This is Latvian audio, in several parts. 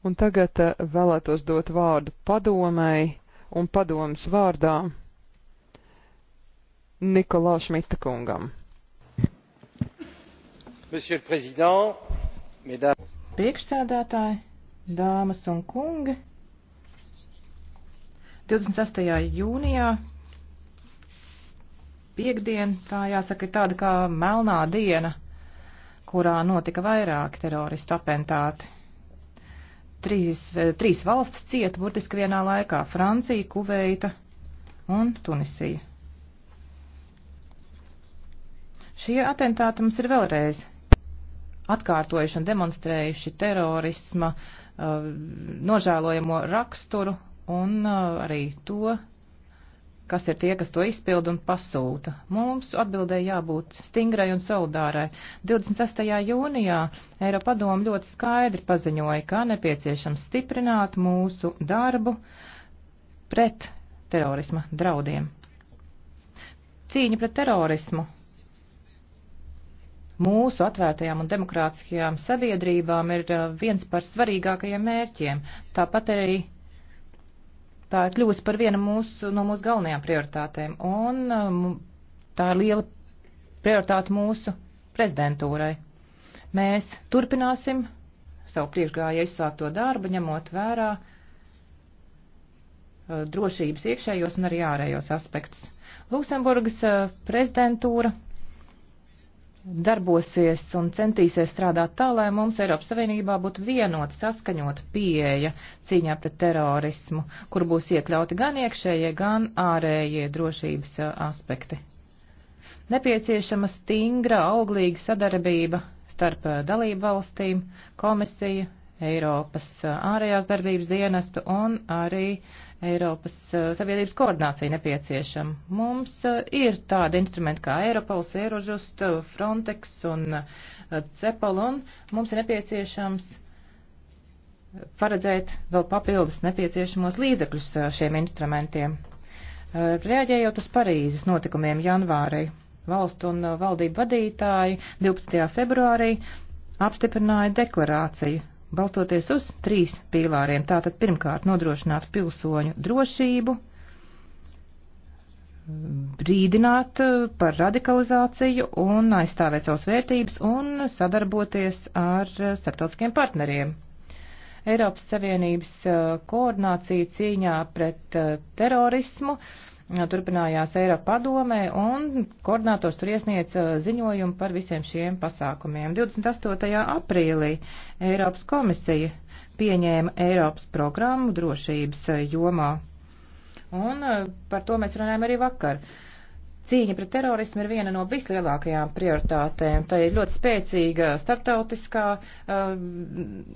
Un tagad eh, vēlētos dot vārdu padomēji un padomas vārdā Nikolā Šmita kungam. Priekšsēdētāji, dāmas un kungi, 28. jūnijā piekdiena, tā jāsaka, ir tāda kā melnā diena, kurā notika vairāki teroristu atentāti trīs, eh, trīs valsts cieta burtiski vienā laikā - Francija, Kuveita un Tunisija. Šie atentāti mums ir vēlreiz atkārtojuši un demonstrējuši terorisma uh, nožēlojamo raksturu un uh, arī to, kas ir tie, kas to izpilda un pasūta. Mums atbildēja jābūt stingrai un solidārai. 26. jūnijā Eiropadoma ļoti skaidri paziņoja, ka nepieciešams stiprināt mūsu darbu pret terorisma draudiem. Cīņa pret terorismu mūsu atvērtajām un demokrātiskajām sabiedrībām ir eh, viens par svarīgākajiem mērķiem. Tāpat arī Tā ir kļūst par vienu mūsu, no mūsu galvenajām prioritātēm, un um, tā ir liela prioritāte mūsu prezidentūrai. Mēs turpināsim savu priekšgājēju izsākto darbu, ņemot vērā uh, drošības iekšējos un arī ārējos aspektus. Luksemburgas uh, prezidentūra darbosies un centīsies strādāt tā, lai mums Eiropas Savienībā būtu vienota saskaņota pieeja cīņā pret terorismu, kur būs iekļauti gan iekšējie, gan ārējie drošības eh, aspekti. Nepieciešama stingra, auglīga sadarbība starp eh, dalību valstīm, komisiju, Eiropas eh, ārējās darbības dienestu un arī uh, Eiropas eh, Savienības koordinācija nepieciešama. Mums eh, ir tādi instrumenti kā Eiropols, Eirojust, eh, Frontex un Cepol, un mums ir nepieciešams paredzēt vēl papildus nepieciešamos līdzekļus šiem instrumentiem. Reaģējot uz Parīzes notikumiem janvārī, valstu un valdību vadītāji 12. februārī apstiprināja deklarāciju balstoties uz trīs pīlāriem. Tātad pirmkārt nodrošināt pilsoņu drošību, brīdināt eh, par radikalizāciju un aizstāvēt savas vērtības un sadarboties ar eh, starptautiskiem partneriem. Eiropas Savienības eh, koordinācija cīņā pret terorismu turpinājās Eiropa padomē, un koordinators tur iesniedz ziņojumu par visiem šiem pasākumiem. 28. aprīlī Eiropas komisija pieņēma Eiropas programmu drošības jomā, un par to mēs runājam arī vakar. Cīņa pret terorismu ir viena no vislielākajām prioritātēm. Tā ir ļoti spēcīga starptautiskā uh,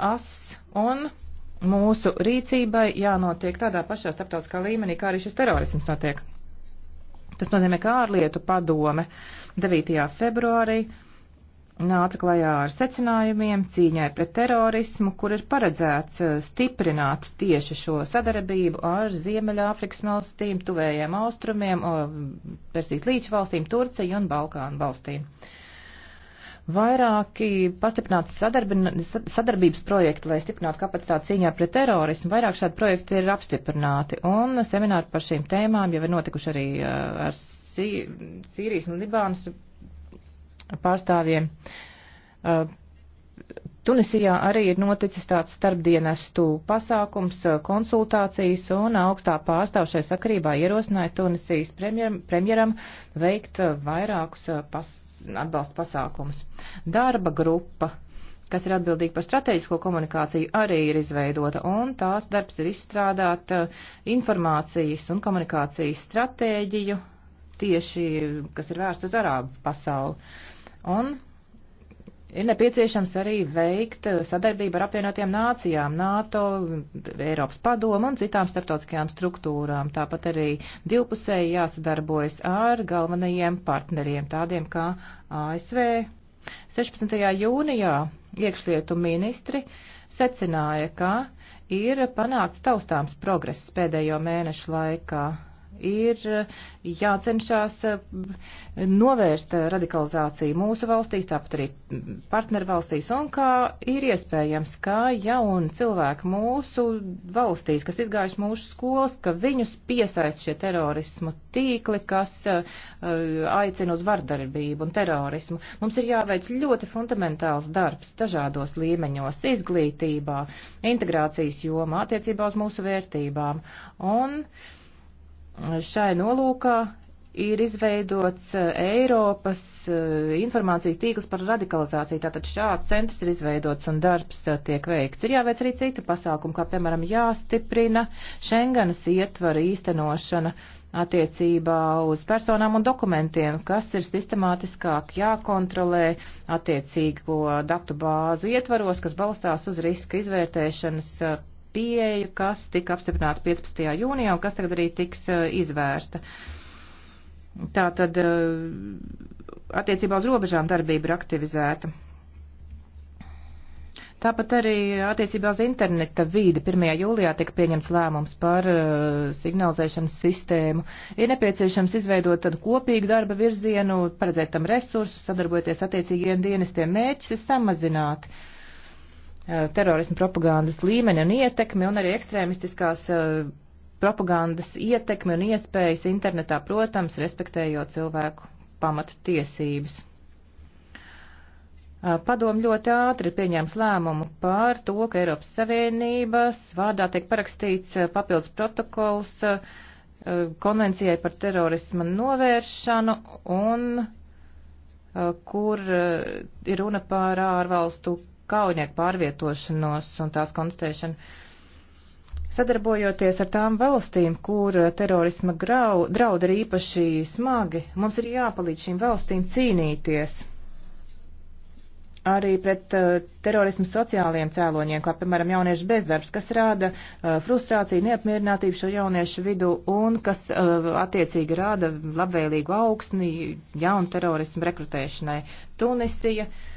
as un mūsu rīcībai jānotiek tādā pašā starptautiskā līmenī, kā arī šis terorisms notiek. Tas nozīmē, ka ārlietu padome 9. februārī nāca klajā ar secinājumiem cīņai pret terorismu, kur ir paredzēts eh, stiprināt tieši šo sadarbību ar Ziemeļāfrikas valstīm, tuvējiem austrumiem, Persijas līča valstīm, Turciju un Balkānu valstīm. Uh, vairāki pastiprināti sadarbības projekti, lai stiprinātu kapacitāti cīņā pret terorismu. Vairāk šādi projekti ir apstiprināti, un semināri par šīm tēmām jau ir notikuši arī uh, ar Sīrijas un Libānas pārstāvjiem. Uh, Tunisijā arī ir noticis tāds starpdienestu pasākums, uh, konsultācijas, un augstā pārstāvšai sakarībā ierosināja Tunisijas premjer, premjeram veikt vairākus pas, atbalsta pasākumus. Darba grupa, kas ir atbildīga par strateģisko komunikāciju, arī ir izveidota, un tās darbs ir izstrādāt eh, informācijas un komunikācijas stratēģiju tieši, kas ir vērsta uz arābu pasauli. Un Ir nepieciešams arī veikt eh, sadarbību ar apvienotajām nācijām, NATO, Eiropas padomu un citām starptautiskajām struktūrām. Tāpat arī divpusēji jāsadarbojas ar galvenajiem partneriem, tādiem kā ASV. 16. jūnijā iekšlietu ministri secināja, ka ir panākts taustāms progress pēdējo mēnešu laikā ir eh, jācenšas eh, novērst eh, radikalizāciju mūsu valstīs, tāpat arī mm, partnervalstīs, un kā ir iespējams, ka jauni cilvēki mūsu valstīs, kas izgājuši mūsu skolas, ka viņus piesaist šie terorismu tīkli, kas aicina uz vardarbību un terorismu. Mums ir jāveic ļoti fundamentāls darbs dažādos līmeņos - izglītībā, integrācijas jomā, attiecībā uz mūsu vērtībām. Un, uh, Šai nolūkā ir izveidots eh, Eiropas eh, informācijas tīkls par radikalizāciju. Tātad šāds centrs ir izveidots un darbs eh, tiek veikts. Ir jāveic arī citi pasākumi, kā piemēram jāstiprina Schengenas ietvara īstenošana attiecībā uz personām un dokumentiem, kas ir sistemātiskāk jākontrolē attiecīgo datu bāzu ietvaros, kas balstās uz riska izvērtēšanas pieeju, kas tika apstiprināta 15. jūnijā un kas tagad arī tiks uh, izvērsta. Tātad uh, attiecībā uz robežām darbība ir aktivizēta. Tāpat arī attiecībā uz interneta vīdi 1. jūlijā tika pieņemts lēmums par uh, signalizēšanas sistēmu. Ir nepieciešams izveidot tādu kopīgu darba virzienu, paredzēt tam resursus, sadarbojoties attiecīgiem dienestiem. Mēģis ir samazināt uh, Eh, terorismu propagandas līmeni un ietekmi un arī ekstrēmistiskās eh, propagandas ietekmi un iespējas internetā, protams, respektējot cilvēku pamatu tiesības. Eh, padomu ļoti ātri pieņēma lēmumu par to, ka Eiropas Savienības vārdā tiek parakstīts papildus protokols konvencijai par terorisma novēršanu un kur ir runa par ārvalstu kaujinieku pārvietošanos un tās konstatēšanu. Sadarbojoties ar tām valstīm, kur terorisma grau, draud ir īpaši smagi, mums ir jāpalīdz šīm valstīm cīnīties arī pret uh, terorismu sociālajiem cēloņiem, kā piemēram jauniešu bezdarbs, kas rāda uh, frustrāciju, neapmierinātību šo jauniešu vidu un kas uh, attiecīgi rāda labvēlīgu augsni jaunu terorismu rekrutēšanai. Tunisija. Uh,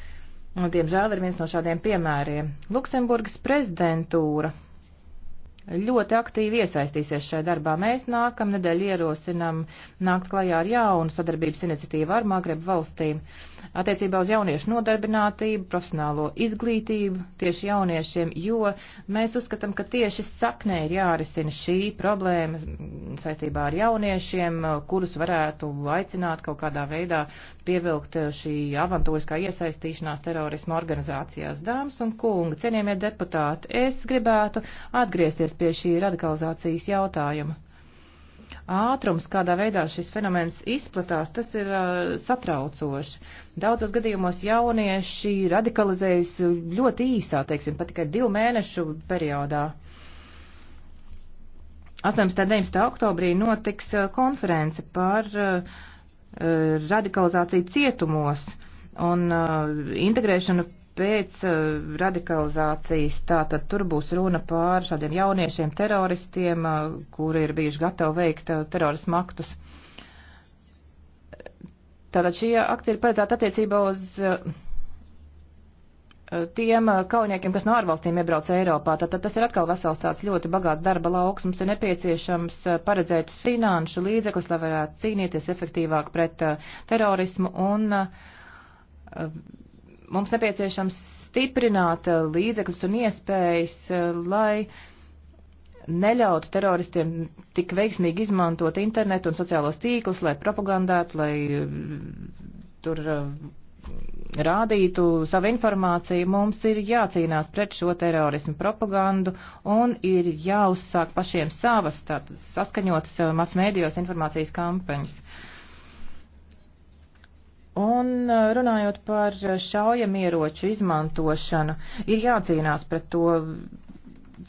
Un, diemžēl ir viens no šādiem piemēriem. Luksemburgas prezidentūra ļoti aktīvi iesaistīsies šajā darbā. Mēs nākamnedēļ ierosinam nākt klajā ar jaunu sadarbības iniciatīvu ar Magrebu valstīm. Uh, attiecībā uz jauniešu nodarbinātību, profesionālo izglītību tieši jauniešiem, jo mēs uzskatām, ka tieši saknē ir jārisina šī problēma saistībā ar jauniešiem, kurus varētu aicināt kaut kādā veidā pievilkt šī avantūriskā iesaistīšanās terorisma organizācijās. Dāmas un kungi, cienījamie deputāti, es gribētu atgriezties pie šī radikalizācijas jautājuma ātrums, kādā veidā šis fenomens izplatās, tas ir uh, satraucoši. Daudzos gadījumos jaunieši radikalizējas ļoti īsā, teiksim, pat tikai divu mēnešu periodā. 18. un 19. oktobrī notiks uh, konference par uh, radikalizāciju cietumos un uh, integrēšanu pēc uh, radikalizācijas. Tātad tur būs runa pār šādiem jauniešiem teroristiem, uh, kuri ir bijuši gatavi veikt uh, terorismu aktus. Tātad šī akcija ir paredzēta attiecībā uz tiem kaujiniekiem, kas no ārvalstīm iebrauc Eiropā. Tātad tas ir atkal vesels tāds ļoti bagāts darba lauks. Mums ir nepieciešams paredzēt finanšu līdzekļus, lai varētu cīnīties efektīvāk pret terorismu un Mums nepieciešams stiprināt eh, līdzekļus un iespējas, eh, lai neļautu teroristiem tik veiksmīgi izmantot internetu un sociālos tīklus, lai propagandētu, lai eh, tur rādītu savu informāciju, mums ir jācīnās pret šo terorismu propagandu un ir jāuzsāk pašiem savas tātad, saskaņotas masmēdījos informācijas kampaņas. Uh, Un uh, runājot par šaujamieroču izmantošanu, ir jācīnās pret to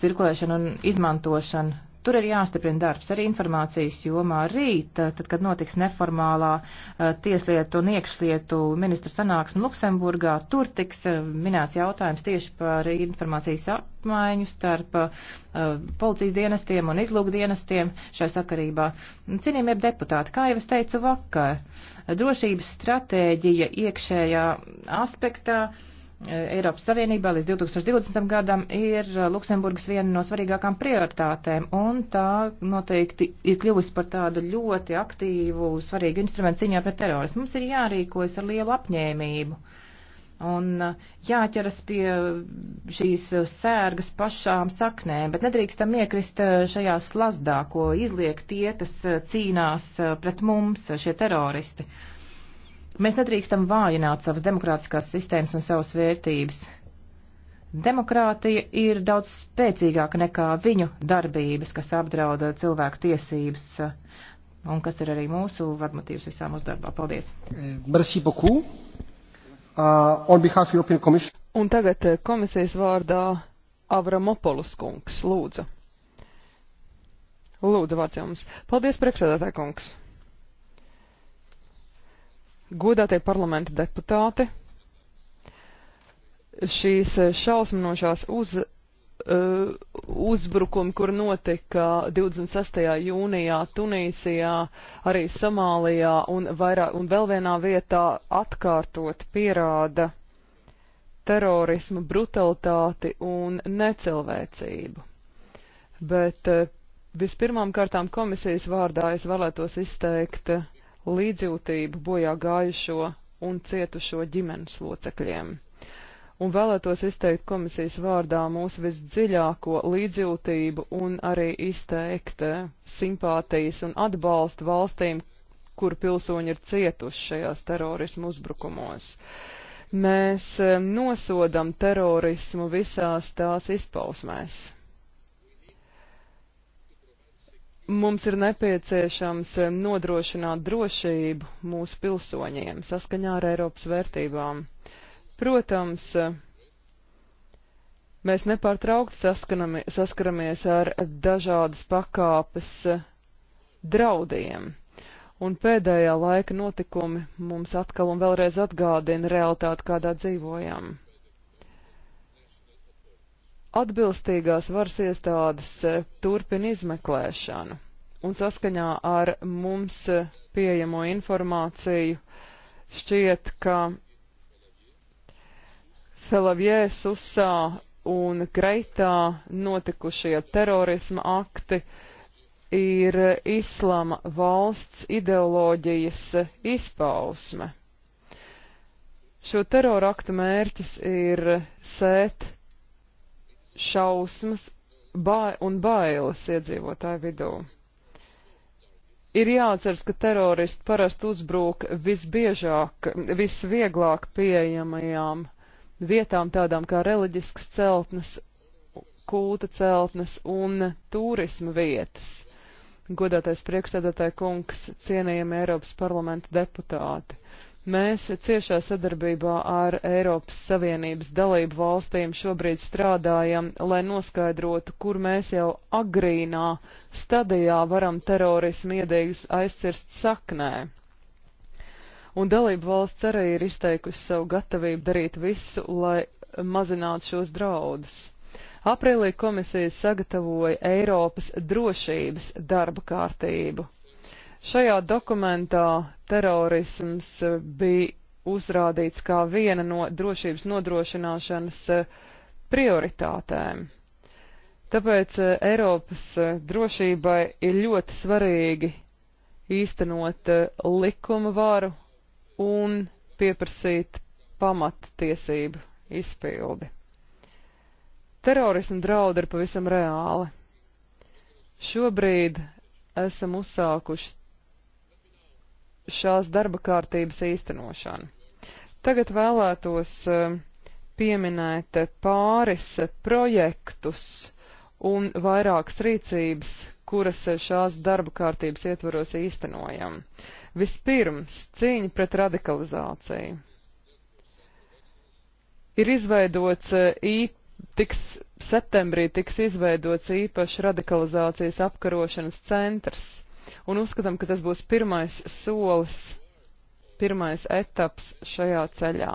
cirkulēšanu un izmantošanu Tur ir jāstiprina darbs arī informācijas jomā. Rīt, eh, tad, kad notiks neformālā eh, tieslietu un iekšlietu ministru sanāksme Luksemburgā, tur tiks eh, minēts jautājums tieši par informācijas apmaiņu starp policijas dienestiem un izlūku dienestiem šai sakarībā. Cienījamie deputāti, kā jau es teicu vakar, drošības stratēģija iekšējā aspektā Eiropas Savienībā līdz 2020. gadam ir eh, Luksemburgas viena no svarīgākām prioritātēm, un tā noteikti ir kļuvusi par tādu ļoti aktīvu, svarīgu instrumentu ciņā pret terorismu. Mums ir jārīkojas ar lielu apņēmību un eh, jāķeras pie šīs eh, sērgas pašām saknēm, bet nedrīkstam iekrist šajā slazdā, ko izliek tie, kas cīnās pret mums, šie teroristi. Uh, Mēs nedrīkstam vājināt savas demokrātiskās sistēmas un savas vērtības. Demokrātija ir daudz spēcīgāka nekā viņu darbības, kas apdrauda eh, cilvēku tiesības eh, un kas ir arī mūsu vadmatīvs visā mūsu darbā. Paldies! Merci beaucoup. Uh, on behalf European Commission. Un tagad eh, komisijas vārdā Avramopolus kungs, lūdzu. Lūdzu, vārds jums. Paldies, priekšsēdētāj kungs godātie parlamenta deputāti, šīs šausminošās uz, uh, uzbrukumi, kur notika 26. jūnijā Tunīsijā, arī Somālijā un, vairā, un vēl vienā vietā atkārtot pierāda terorismu, brutalitāti un necilvēcību. Bet uh, vispirmām kārtām komisijas vārdā es vēlētos izteikt uh, līdzjūtību bojā gājušo un cietušo ģimenes locekļiem. Un vēlētos izteikt komisijas vārdā mūsu visdziļāko līdzjūtību un arī izteikt eh, simpātijas un atbalstu valstīm, kur pilsoņi ir cietuši šajās terorismu uzbrukumos. Mēs eh, nosodam terorismu visās tās izpausmēs. Mums ir nepieciešams eh, nodrošināt drošību mūsu pilsoņiem saskaņā ar Eiropas vērtībām. Protams, eh, mēs nepārtraukti saskaramies ar dažādas pakāpes eh, draudiem, un pēdējā laika notikumi mums atkal un vēlreiz atgādina realitāti, kādā dzīvojam. Atbilstīgās varas iestādes eh, turpina izmeklēšanu, un saskaņā ar mums eh, pieejamo informāciju šķiet, ka Felavjē, Susā un Kreitā notikušie terorisma akti ir islama valsts ideoloģijas eh, izpausme. Šo teroraktu mērķis ir sēt šausmas bai un bailes iedzīvotāju vidū. Ir jāatceras, ka teroristi parasti uzbrūk visbiežāk, visvieglāk pieejamajām vietām, tādām kā reliģiskas celtnes, kulta celtnes un turisma vietas. Godātais priekšsēdētāja kungs, cienījami Eiropas parlamenta deputāti. Mēs ciešā sadarbībā ar Eiropas Savienības dalību valstīm šobrīd strādājam, lai noskaidrotu, kur mēs jau agrīnā stadijā varam terorismu iedēļas aizcirst saknē. Un dalību valsts arī ir izteikusi savu gatavību darīt visu, lai mazinātu šos draudus. Aprīlī komisija sagatavoja Eiropas drošības darba kārtību Šajā dokumentā terorisms eh, bija uzrādīts kā viena no drošības nodrošināšanas eh, prioritātēm. Tāpēc eh, Eiropas drošībai ir ļoti svarīgi īstenot likuma varu un pieprasīt pamattiesību izpildi. Terorismu draudi ir pavisam reāli. Šobrīd esam uzsākuši šās darba kārtības īstenošanu. Tagad vēlētos e, pieminēt pāris projektus un vairākas rīcības, kuras šās darba kārtības ietvaros īstenojam. Vispirms, cīņa pret radikalizāciju. Ir izveidots e, īpaši tiks septembrī tiks izveidots īpašs radikalizācijas apkarošanas centrs un uzskatām, ka tas būs pirmais solis, pirmais etaps šajā ceļā.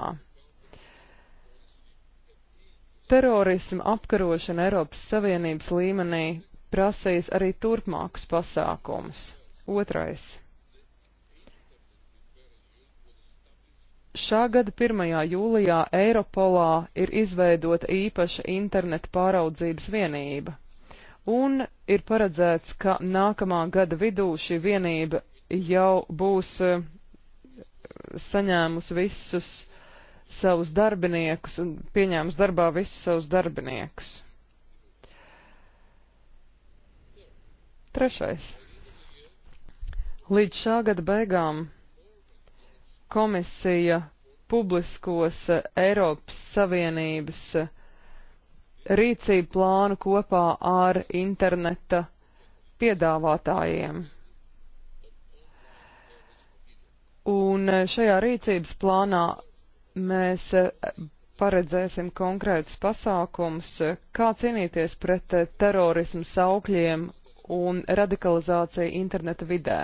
Terorisma apkarošana Eiropas Savienības līmenī prasīs arī turpmākus pasākumus. Otrais. Šā gada 1. jūlijā Eiropolā ir izveidota īpaša interneta pāraudzības vienība un ir paredzēts, ka nākamā gada vidū šī vienība jau būs eh, saņēmusi visus savus darbiniekus un pieņēmusi darbā visus savus darbiniekus. Trešais. Līdz šā gada beigām komisija publiskos eh, Eiropas Savienības uh, rīcību plānu kopā ar interneta piedāvātājiem. Un šajā rīcības plānā mēs paredzēsim konkrētus pasākums, kā cīnīties pret terorismu saukļiem un radikalizāciju interneta vidē.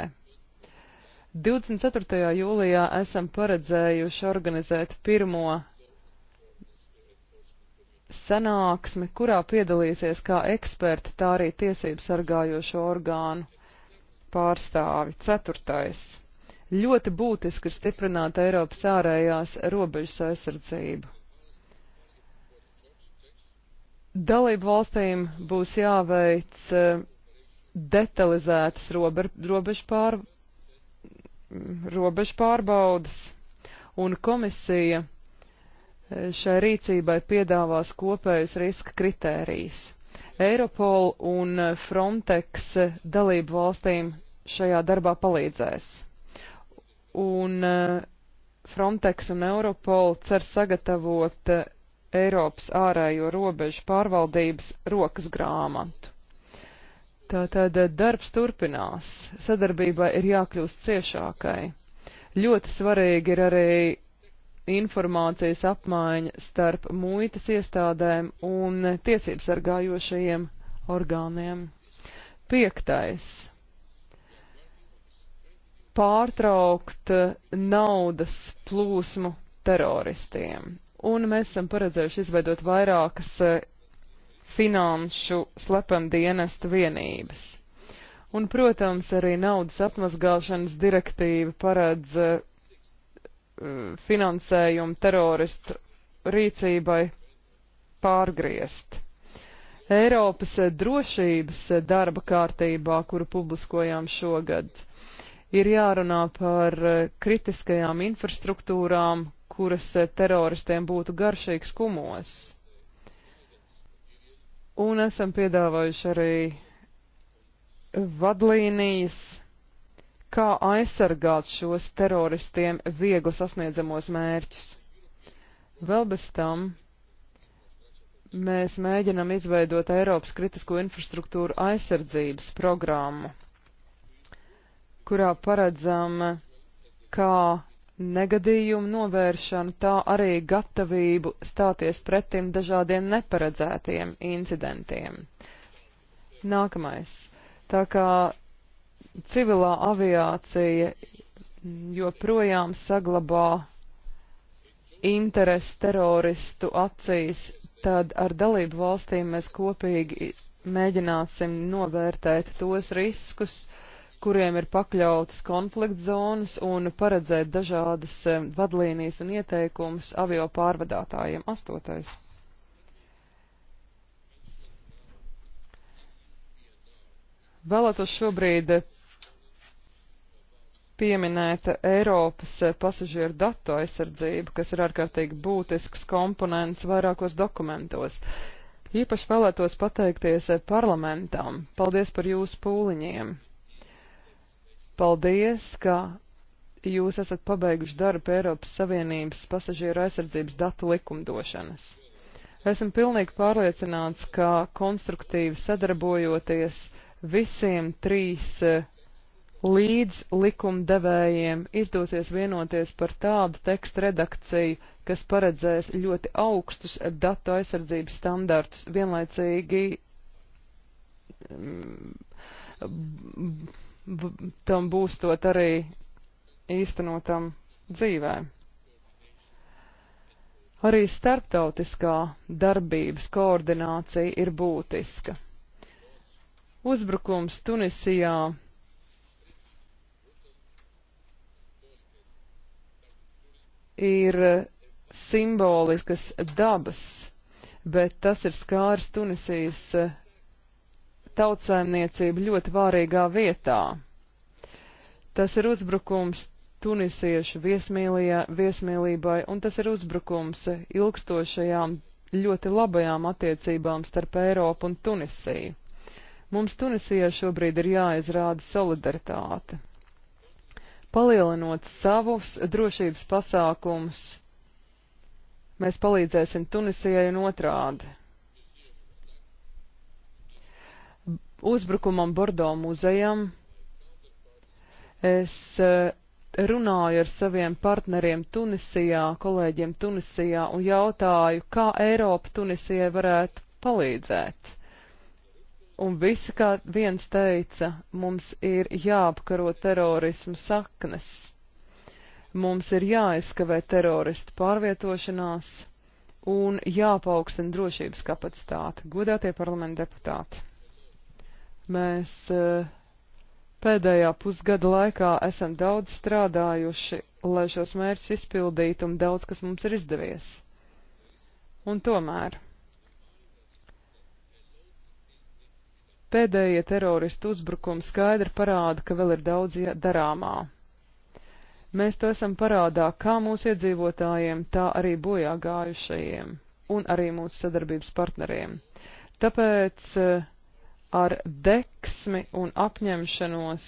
24. jūlijā esam paredzējuši organizēt pirmo sanāksmi, kurā piedalīsies kā eksperti, tā arī tiesību sargājošo orgānu pārstāvi. Ceturtais. Ļoti būtiski ir stiprināt Eiropas ārējās robežas aizsardzību. Dalību valstīm būs jāveic eh, detalizētas robežu, pār, robežu pārbaudas, un komisija šai rīcībai piedāvās kopējus riska kritērijus. Eiropol un Frontex dalību valstīm šajā darbā palīdzēs. Un eh, Frontex un Europol cer sagatavot eh, Eiropas ārējo robežu pārvaldības rokas grāmatu. Tātad eh, darbs turpinās, sadarbībai ir jākļūst ciešākai. Ļoti svarīgi ir arī informācijas apmaiņa starp muitas iestādēm un tiesību sargājošajiem orgāniem. Piektais. Pārtraukt naudas plūsmu teroristiem. Un mēs esam paredzējuši izveidot vairākas eh, finanšu slependienestu vienības. Un, protams, arī naudas apmazgāšanas direktīva paredz eh, finansējumu teroristu rīcībai pārgriezt. Eiropas drošības darba kārtībā, kuru publiskojām šogad, ir jārunā par kritiskajām infrastruktūrām, kuras teroristiem būtu garšīgs kumos. Un esam piedāvājuši arī vadlīnijas kā aizsargāt šos teroristiem viegli sasniedzamos mērķus. Vēl bez tam mēs mēģinam izveidot Eiropas kritisko infrastruktūru aizsardzības programmu, kurā paredzam kā negadījumu novēršanu, tā arī gatavību stāties pretim dažādiem neparedzētiem incidentiem. Nākamais. Tā kā civilā aviācija joprojām saglabā interesi teroristu acīs, tad ar dalību valstīm mēs kopīgi mēģināsim novērtēt tos riskus, kuriem ir pakļautas konflikt zonas un paredzēt dažādas eh, vadlīnijas un ieteikumus avio pārvadātājiem. Astotais. Vēlētos šobrīd pieminēta Eiropas pasažieru datu aizsardzība, kas ir ārkārtīgi būtisks komponents vairākos dokumentos. Īpaši vēlētos pateikties parlamentam. Paldies par jūsu pūliņiem. Paldies, ka jūs esat pabeiguši darbu Eiropas Savienības pasažieru aizsardzības datu likumdošanas. Esmu pilnīgi pārliecināts, ka konstruktīvi sadarbojoties visiem trīs līdz likumdevējiem izdosies vienoties par tādu tekstu redakciju, kas paredzēs ļoti augstus datu aizsardzības standartus, vienlaicīgi mm, tam būs tot arī īstenotam dzīvē. Arī starptautiskā darbības koordinācija ir būtiska. Uzbrukums Tunisijā ir eh, simboliskas dabas, bet tas ir skārs Tunisijas eh, tautsēmniecību ļoti vārīgā vietā. Tas ir uzbrukums tunisiešu viesmīlībai, un tas ir uzbrukums eh, ilgstošajām ļoti labajām attiecībām starp Eiropu un Tunisiju. Mums Tunisijā šobrīd ir jāizrāda solidaritāte palielinot savus drošības pasākumus, mēs palīdzēsim Tunisijai un otrādi. Uzbrukumam Bordo muzejam es eh, runāju ar saviem partneriem Tunisijā, kolēģiem Tunisijā un jautāju, kā Eiropa Tunisijai varētu palīdzēt. Un visi, kā viens teica, mums ir jāapkaro terorismu saknes. Mums ir jāizskavē teroristu pārvietošanās un jāpaukstina drošības kapacitāte. Godātie parlamenta deputāti, mēs eh, pēdējā pusgada laikā esam daudz strādājuši, lai šos mērķus izpildītu, un daudz kas mums ir izdevies. Un tomēr. Pēdējie teroristu uzbrukumi skaidri parāda, ka vēl ir daudz darāmā. Mēs to esam parādā kā mūsu iedzīvotājiem, tā arī bojā gājušajiem un arī mūsu sadarbības partneriem. Tāpēc eh, ar deksmi un apņemšanos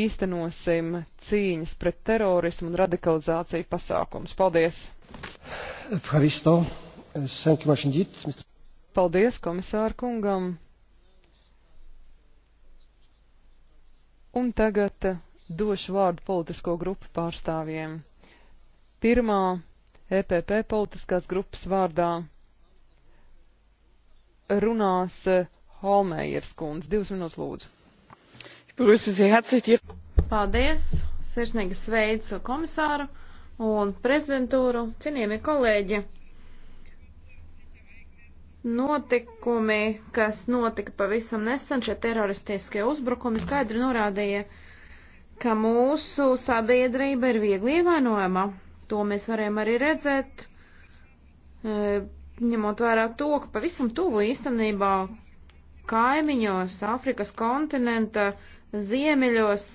īstenosim cīņas pret terorismu un radikalizāciju pasākums. Paldies! Paldies komisāru kungam! Un tagad došu vārdu politisko grupu pārstāvjiem. Pirmā EPP politiskās grupas vārdā runās Holmējers kundze. Divas minūtes lūdzu. Paldies! Sirsnīgi sveicu komisāru un prezidentūru, cienījamie kolēģi! Notikumi, kas notika pavisam nesen, šie teroristiskie uzbrukumi skaidri norādīja, ka mūsu sabiedrība ir viegli ievainojama. To mēs varējām arī redzēt, e, ņemot vērā to, ka pavisam tuvu īstenībā kaimiņos, Afrikas kontinenta ziemeļos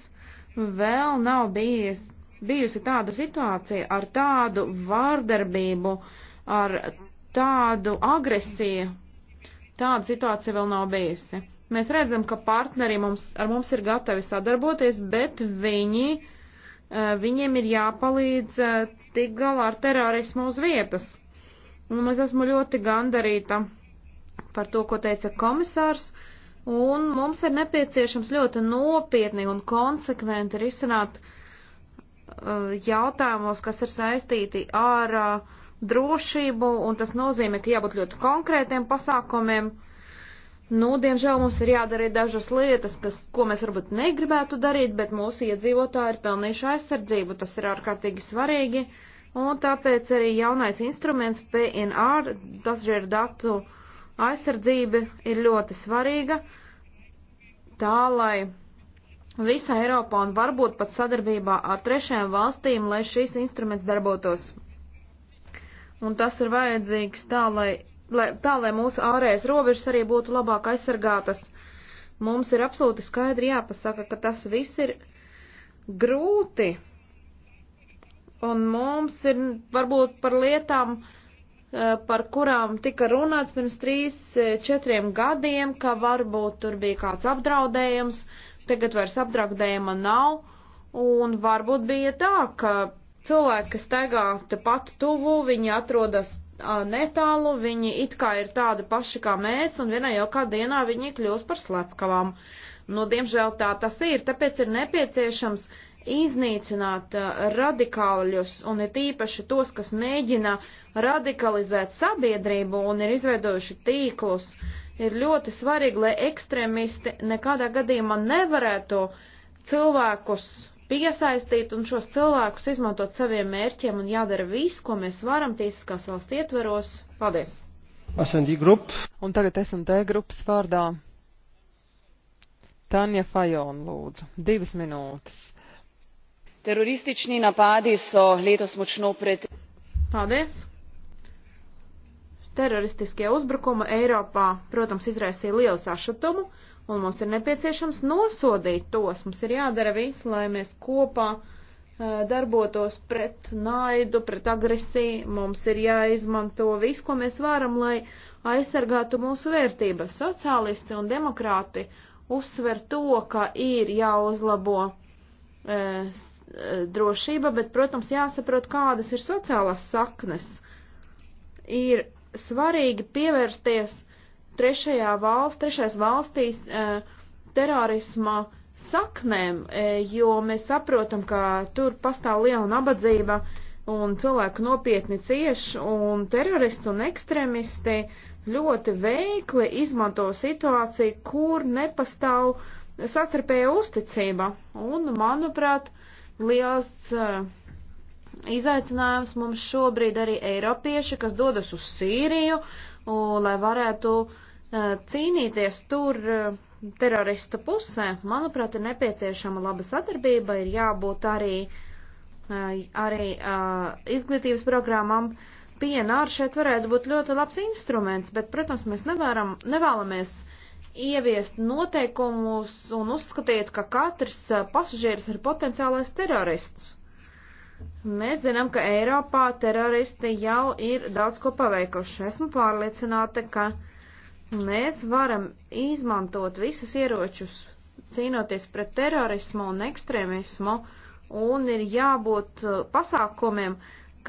vēl nav bijis, bijusi tāda situācija ar tādu vārdarbību, ar tādu agresiju, tāda situācija vēl nav bijusi. Mēs redzam, ka partneri mums, ar mums ir gatavi sadarboties, bet viņi, eh, viņiem ir jāpalīdz eh, tik galā ar terorismu uz vietas. Un es esmu ļoti gandarīta par to, ko teica komisārs, un mums ir nepieciešams ļoti nopietni un konsekventi risināt eh, jautājumos, kas ir saistīti ar uh, drošību, un tas nozīmē, ka jābūt ļoti konkrētiem pasākumiem. Nu, diemžēl mums ir jādara dažas lietas, kas, ko mēs varbūt negribētu darīt, bet mūsu iedzīvotāji ir pelnījuši aizsardzību. Tas ir ārkārtīgi svarīgi. Un tāpēc arī jaunais instruments PNR, tas ir datu aizsardzība, ir ļoti svarīga. Tā, lai visā Eiropā un varbūt pat sadarbībā ar trešajām valstīm, lai šīs instruments darbotos un tas ir vajadzīgs tā, lai, lai, tā, lai mūsu ārējas robežas arī būtu labāk aizsargātas. Mums ir absolūti skaidri jāpasaka, ka tas viss ir grūti, un mums ir varbūt par lietām, eh, par kurām tika runāts pirms trīs, eh, četriem gadiem, ka varbūt tur bija kāds apdraudējums, tagad vairs apdraudējuma nav, un varbūt bija tā, ka cilvēki, kas staigā tepat tuvu, viņi atrodas uh, netālu, viņi it kā ir tādi paši kā mēs, un vienā jau kā dienā viņi kļūs par slepkavām. Nu, diemžēl tā tas ir, tāpēc ir nepieciešams iznīcināt uh, radikāļus, un ir tīpaši tos, kas mēģina radikalizēt sabiedrību un ir izveidojuši tīklus. Ir ļoti svarīgi, lai ekstrēmisti nekādā gadījumā nevarētu cilvēkus piesaistīt un šos cilvēkus izmantot saviem mērķiem un jādara viss, ko mēs varam tiesiskās valsts ietveros. Paldies! SND grup. Un tagad SND grupas vārdā Tanja Fajon lūdzu. Divas minūtes. Teroristični napadi so letos močno pret. Paldies! Teroristiskie uzbrukumi Eiropā, protams, izraisīja lielu sašutumu un mums ir nepieciešams nosodīt tos. Mums ir jādara viss, lai mēs kopā darbotos pret naidu, pret agresiju. Mums ir jāizmanto viss, ko mēs varam, lai aizsargātu mūsu vērtības. Sociālisti un demokrāti uzsver to, ka ir jāuzlabo e, drošība, bet, protams, jāsaprot, kādas ir sociālās saknes. Ir svarīgi pievērsties trešajā valsts, trešais valstīs e, terorisma saknēm, e, jo mēs saprotam, ka tur pastāv liela nabadzība un cilvēku nopietni cieš, un teroristi un ekstremisti ļoti veikli izmanto situāciju, kur nepastāv sastarpēja uzticība. Un, manuprāt, liels uh, izaicinājums mums šobrīd arī eiropieši, kas dodas uz Sīriju, un, lai varētu uh, cīnīties tur teroristu pusē, manuprāt, ir nepieciešama laba sadarbība, ir jābūt arī, arī izglītības programmam. PNR šeit varētu būt ļoti labs instruments, bet, protams, mēs nevaram, nevēlamies ieviest noteikumus un uzskatīt, ka katrs pasažieris ir potenciālais terorists. Mēs zinām, ka Eiropā teroristi jau ir daudz ko paveikuši. Esmu pārliecināta, ka uh, Mēs varam izmantot visus ieročus, cīnoties pret terorismu un ekstremismu, un ir jābūt uh, pasākumiem,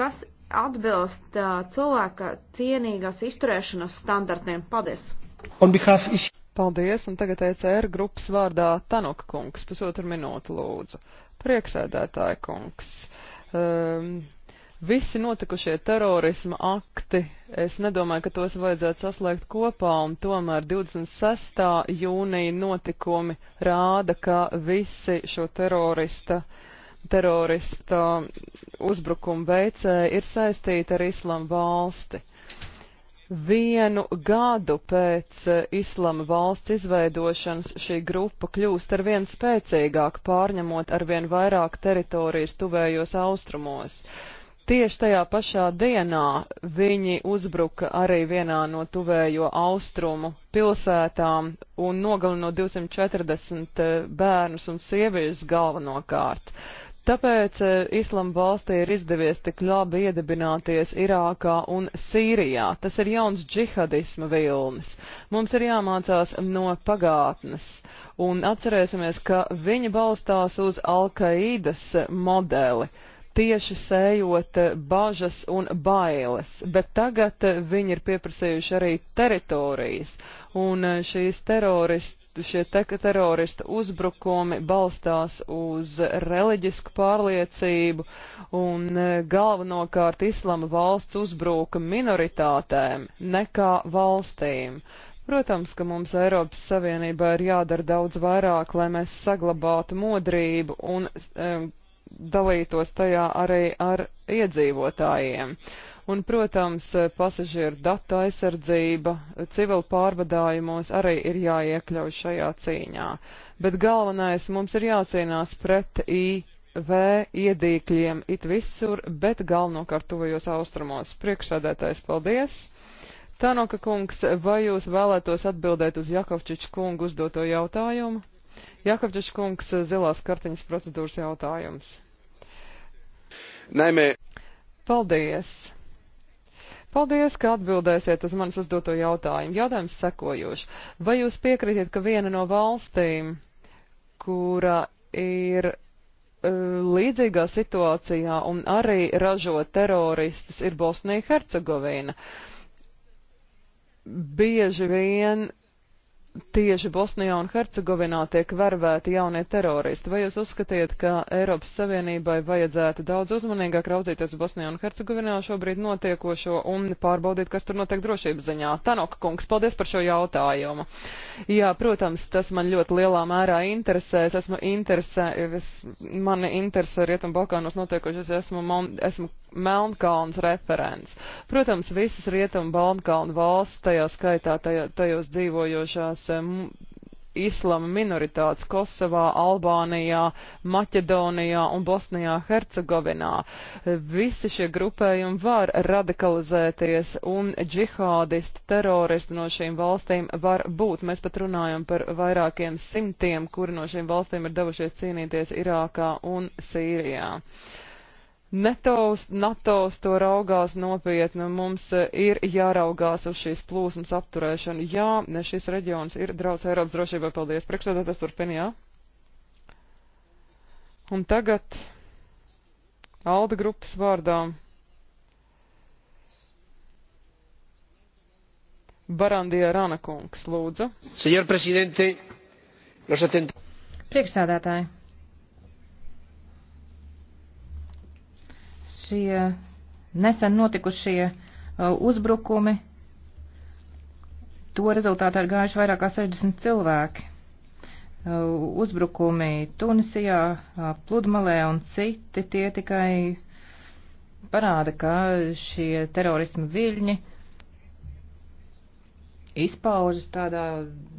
kas atbilst uh, cilvēka cienīgās izturēšanas standartiem. Paldies! Paldies, un tagad ECR grupas vārdā Tanuka kungs, pusotru minūtu lūdzu. Prieksēdētāja kungs. Um, Visi notikušie terorisma akti, es nedomāju, ka tos vajadzētu saslēgt kopā, un tomēr 26. jūnija notikumi rāda, ka visi šo terorista, terorista uzbrukumu veicēji ir saistīti ar islamu valsti. Vienu gadu pēc eh, islama valsts izveidošanas šī grupa kļūst arvien spēcīgāk, pārņemot arvien vairāk teritorijas tuvējos austrumos. Tieši tajā pašā dienā viņi uzbruka arī vienā no tuvējo austrumu pilsētām un nogalinot 240 eh, bērnus un sievietes galvenokārt. Tāpēc eh, Islama valstī ir izdevies tik labi iedibināties Irākā un Sīrijā. Tas ir jauns džihadisma vilnis. Mums ir jāmācās no pagātnes. Un atcerēsimies, ka viņi balstās uz Alkaidas modeli. Uh, tieši sējot eh, bažas un bailes, bet tagad eh, viņi ir pieprasījuši arī teritorijas, un eh, šīs teroristi, šie te terorista uzbrukumi balstās uz reliģisku pārliecību, un galvenokārt islama valsts uzbruka minoritātēm nekā valstīm. Protams, ka mums Eiropas Savienībā ir jādara daudz vairāk, lai mēs saglabātu modrību un um, e, dalītos tajā arī ar iedzīvotājiem. Un, protams, pasažieru datu aizsardzība civil pārvadājumos arī ir jāiekļauj šajā cīņā. Bet galvenais mums ir jācīnās pret IV iedīkļiem it visur, bet galvenokārt tuvajos austrumos. Priekšsēdētājs, paldies! Tanoka kungs, vai jūs vēlētos atbildēt uz Jakovčiča kungu uzdoto jautājumu? Jakobģis kungs, zilās kartiņas procedūras jautājums. Naimē. Paldies! Paldies, ka atbildēsiet uz manis uzdoto jautājumu. Jautājums sekojoši. Vai jūs piekrītiet, ka viena no valstīm, kura ir e, līdzīgā situācijā un arī ražo teroristus ir Bosnija Hercegovina. Bieži vien tieši Bosnijā un Hercegovinā tiek vervēti jaunie teroristi. Vai jūs uzskatiet, ka Eiropas Savienībai vajadzētu daudz uzmanīgāk raudzīties Bosnijā un Hercegovinā šobrīd notiekošo un pārbaudīt, kas tur notiek drošības ziņā? Tanoka kungs, paldies par šo jautājumu. Jā, protams, tas man ļoti lielā mērā interesēs. Esmu interesē, es, mani interesē Rietumbalkānos notiekošais, esmu, man, esmu Melnkalns referents. Protams, visas Rietumbalkānu valsts, tajā skaitā tajā, tajos dzīvojošās Um, islama minoritātes Kosovā, Albānijā, Maķedonijā un Bosnijā Hercegovinā. Visi šie grupējumi var radikalizēties un džihādisti, teroristi no šīm valstīm var būt. Mēs pat runājam par vairākiem simtiem, kuri no šīm valstīm ir devušies cīnīties Irākā un Sīrijā. Netos, NATOs to raugās nopietni, un mums e, ir jāraugās uz šīs plūsmas apturēšanu. Jā, šis reģions ir draudz Eiropas drošībai. Paldies, priekšsēdētājs turpinājā. Un tagad Alda grupas vārdā Barandija Ranakungs, lūdzu. Priekšsēdētāji, šie nesen notikušie uh, uzbrukumi, to rezultātā ir gājuši vairāk kā 60 cilvēki. Uh, uzbrukumi Tunisijā, uh, Pludmalē un citi tie tikai parāda, ka šie terorismu viļņi izpaužas tādā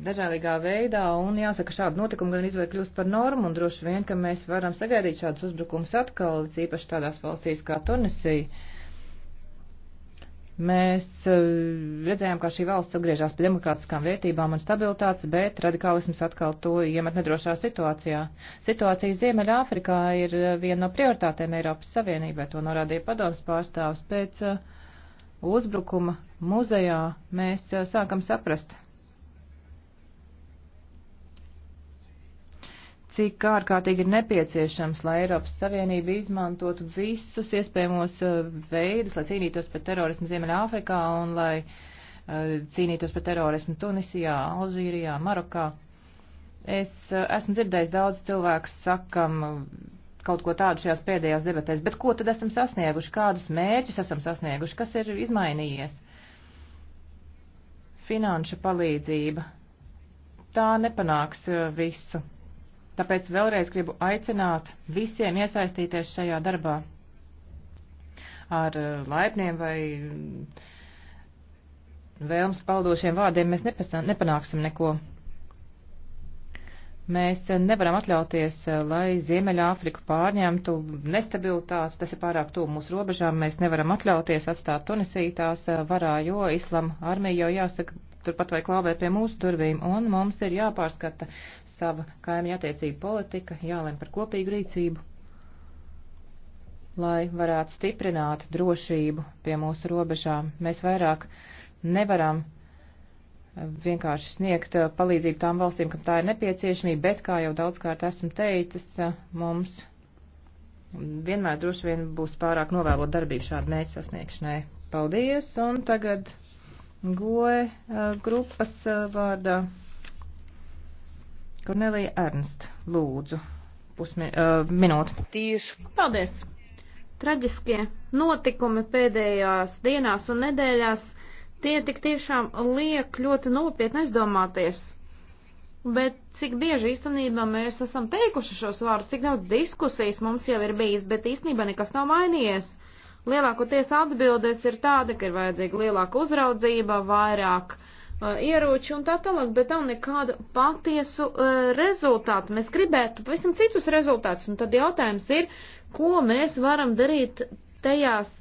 nežēlīgā veidā, un jāsaka, šādu notikumu gan izvēl kļūst par normu, un droši vien, ka mēs varam sagaidīt šādus uzbrukums atkal, īpaši tādās valstīs kā Tunisija. Mēs e, redzējām, kā šī valsts atgriežas pie demokrātiskām vērtībām un stabilitātes, bet radikālisms atkal to iemet nedrošā situācijā. Situācija Ziemeļāfrikā ir e, viena no prioritātēm Eiropas Savienībai, to norādīja padomas pārstāvs pēc uh, uzbrukuma muzejā mēs eh, sākam saprast, cik ārkārtīgi ir nepieciešams, lai Eiropas Savienība izmantotu visus iespējamos eh, veidus, lai cīnītos pret terorismu Ziemeļāfrikā un lai eh, cīnītos pret terorismu Tunisijā, Alžīrijā, Marokā. Es esmu dzirdējis daudz cilvēku sakam, kaut ko tādu šajās pēdējās debatēs. Bet ko tad esam sasnieguši? Kādus mērķus esam sasnieguši? Kas ir izmainījies? Finanšu palīdzība. Tā nepanāks uh, visu. Tāpēc vēlreiz gribu aicināt visiem iesaistīties šajā darbā ar uh, laipniem vai mm, vēlms paldošiem vārdiem mēs nepanāksim neko. Mēs nevaram atļauties, lai Ziemeļāfriku pārņemtu nestabilitāti, tas ir pārāk tuvu mūsu robežām, mēs nevaram atļauties atstāt Tunisiju tās varā, jo Islam armija jau jāsaka turpat vai klāvē pie mūsu durvīm, un mums ir jāpārskata sava kaimiņa attiecība politika, jālem par kopīgu rīcību, lai varētu stiprināt drošību pie mūsu robežām. Mēs vairāk nevaram vienkārši sniegt uh, palīdzību tām valstīm, kam tā ir nepieciešamība, bet, kā jau daudzkārt esmu teicis, uh, mums vienmēr droši vien būs pārāk novēlot darbību šādu mērķu sasniegšanai. Paldies, un tagad goe uh, grupas vārdā Kornelija Ernst, lūdzu, pusminūte. Tieši. Paldies! Traģiskie notikumi pēdējās dienās un nedēļās Tie tik tiešām liek ļoti nopietni aizdomāties. Bet cik bieži īstenībā mēs esam teikuši šos vārdus, cik daudz diskusijas mums jau ir bijis, bet īstenībā nekas nav mainījies. Lielākoties atbildēs ir tāda, ka ir vajadzīga lielāka uzraudzība, vairāk uh, ieroči un tā tālāk, bet nav nekādu patiesu uh, rezultātu. Mēs gribētu pavisam citus rezultātus, un tad jautājums ir, ko mēs varam darīt tajās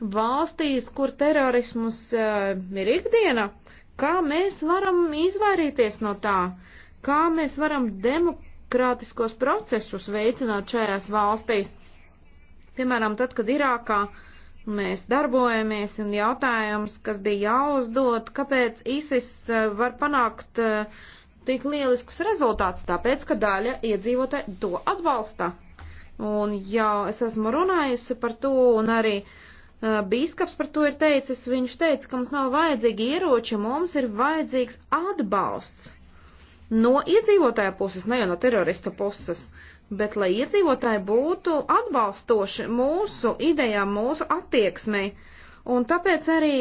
valstīs, kur terorismus uh, ir ikdiena, kā mēs varam izvairīties no tā, kā mēs varam demokrātiskos procesus veicināt šajās valstīs. Piemēram, tad, kad Irākā mēs darbojamies un jautājums, kas bija jāuzdod, kāpēc ISIS eh, var panākt uh, tik lieliskus rezultātus, tāpēc, ka daļa iedzīvotāji to atbalsta. Un jau es esmu runājusi par to un arī uh, Eh, Bīskaps par to ir teicis, viņš teica, ka mums nav vajadzīgi ieroči, mums ir vajadzīgs atbalsts no iedzīvotāja puses, ne jau no terorista puses, bet lai iedzīvotāji būtu atbalstoši mūsu idejām, mūsu attieksmei. Un tāpēc arī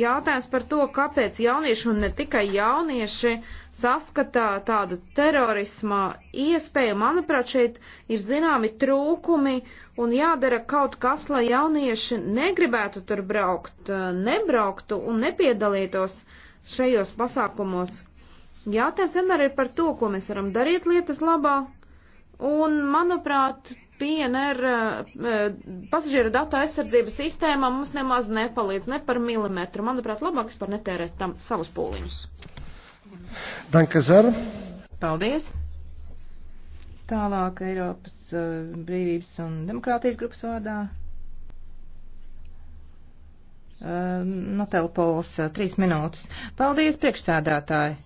jautājums par to, kāpēc jaunieši un ne tikai jaunieši uh, saskatā tādu terorisma iespēju. Manuprāt, šeit ir zināmi trūkumi un jādara kaut kas, lai jaunieši negribētu tur braukt, eh, nebrauktu un nepiedalītos šajos pasākumos. Jātājums vienmēr ir par to, ko mēs varam darīt lietas labā. Un, manuprāt, PNR eh, pasažieru datu aizsardzības sistēmā mums nemaz nepalīdz ne par milimetru. Manuprāt, labāk vispār netērēt tam savus pūliņus. Danke sehr. Paldies. Tālāk Eiropas uh, brīvības un demokrātijas grupas vārdā. Uh, eh, Notelpols, uh, eh, trīs minūtes. Paldies, priekšsēdētāji!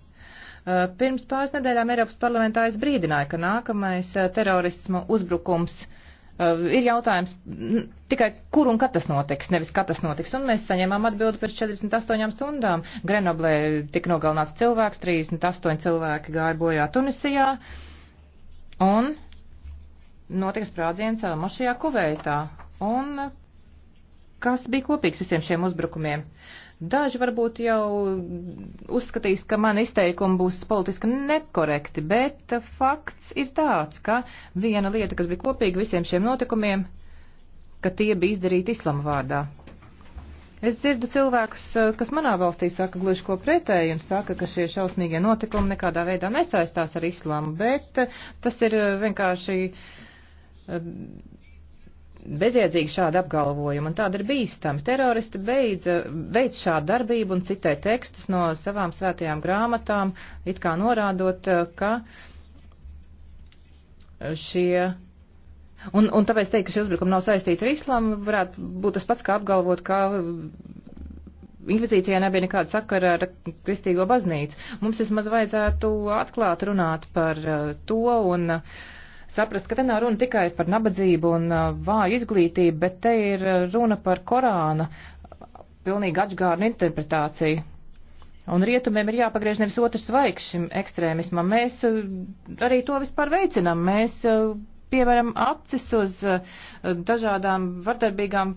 Pirms pāris nedēļām Eiropas parlamentā es brīdināju, ka nākamais terorisma uzbrukums uh, Uh, ir jautājums tikai, kur un kad tas notiks, nevis kad tas notiks. Un mēs saņēmām atbildi pēc 48 stundām. Grenoblē tika nogalināts cilvēks, 38 cilvēki gāja bojā Tunisijā. Un notika sprādziens Almašajā uh, Kuveitā. Un uh, kas bija kopīgs visiem šiem uzbrukumiem? Uh, Daži varbūt jau uzskatīs, ka man izteikumi būs politiski nekorekti, bet fakts ir tāds, ka viena lieta, kas bija kopīga visiem šiem notikumiem, ka tie bija izdarīti islama vārdā. Es dzirdu cilvēkus, kas manā valstī saka gluži ko pretēji un saka, ka šie šausmīgie notikumi nekādā veidā nesaistās ar islāmu, bet tas ir vienkārši bezjēdzīgi šādi apgalvojumi, un tāda ir bīstami. Teroristi beidz, veids šādu darbību un citē tekstus no savām svētajām grāmatām, it kā norādot, eh, ka šie. Un, un tāpēc teikt, ka šie uzbrukumi nav saistīti ar islāmu, varētu būt tas pats, kā apgalvot, ka inkvizīcijai nebija nekāda sakara ar kristīgo baznīcu. Mums vismaz vajadzētu atklāt runāt par eh, to un uh, saprast, ka te nav runa tikai par nabadzību un uh, vāju izglītību, bet te ir uh, runa par Korāna pilnīgi atžgārnu interpretāciju. Un rietumiem ir jāpagriež nevis otrs vaigs šim ekstrēmismam. Mēs uh, arī to vispār veicinam. Mēs pievēram acis uz dažādām vardarbīgām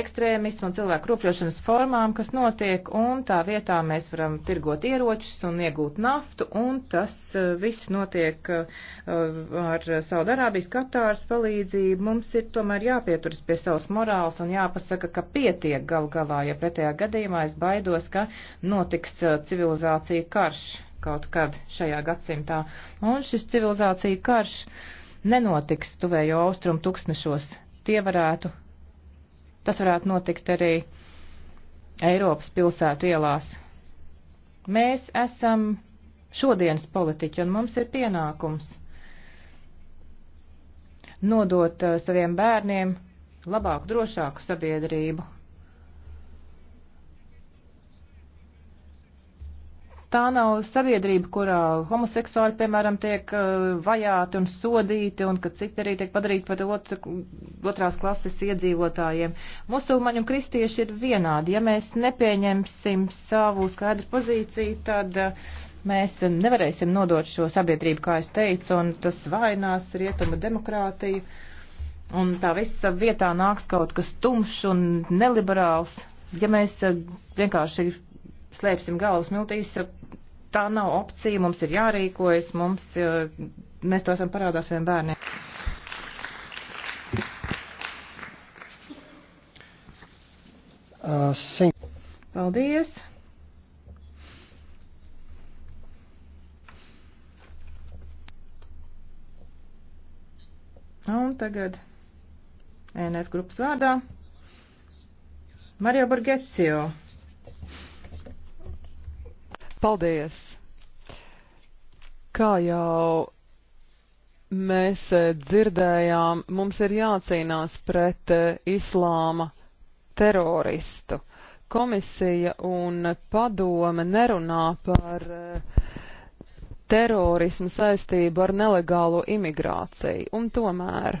ekstrēmismu un cilvēku rupjošanas formām, kas notiek, un tā vietā mēs varam tirgot ieročus un iegūt naftu, un tas eh, viss notiek eh, ar Saudarābijas Katāras palīdzību. Mums ir tomēr jāpieturas pie savas morāls un jāpasaka, ka pietiek gal galā, ja pretējā gadījumā es baidos, ka notiks eh, civilizācija karš kaut kad šajā gadsimtā, un šis civilizācija karš nenotiks tuvējo austrumu tūkstnešos. Tie varētu Tas varētu notikt arī Eiropas pilsētu ielās. Mēs esam šodienas politiķi, un mums ir pienākums nodot eh, saviem bērniem labāku, drošāku sabiedrību, Tā nav sabiedrība, kurā homoseksuāli, piemēram, tiek uh, vajāti un sodīti, un ka citi arī tiek padarīti par otr, otrās klases iedzīvotājiem. Musulmaņi un kristieši ir vienādi. Ja mēs nepieņemsim savu skaidru pozīciju, tad uh, mēs nevarēsim nodot šo sabiedrību, kā es teicu, un tas vainās rietumu demokrātiju. Un tā visa vietā nāks kaut kas tumšs un neliberāls. Ja mēs uh, vienkārši slēpsim galvas miltīs, tā nav opcija, mums ir jārīkojas, mums, eh, mēs to esam parādā saviem bērniem. Uh, Paldies! Un tagad e NF grupas vārdā Mario Borgetsio. Paldies! Kā jau mēs eh, dzirdējām, mums ir jācīnās pret eh, islāma teroristu. Komisija un padome nerunā par eh, terorismu saistību ar nelegālo imigrāciju, un tomēr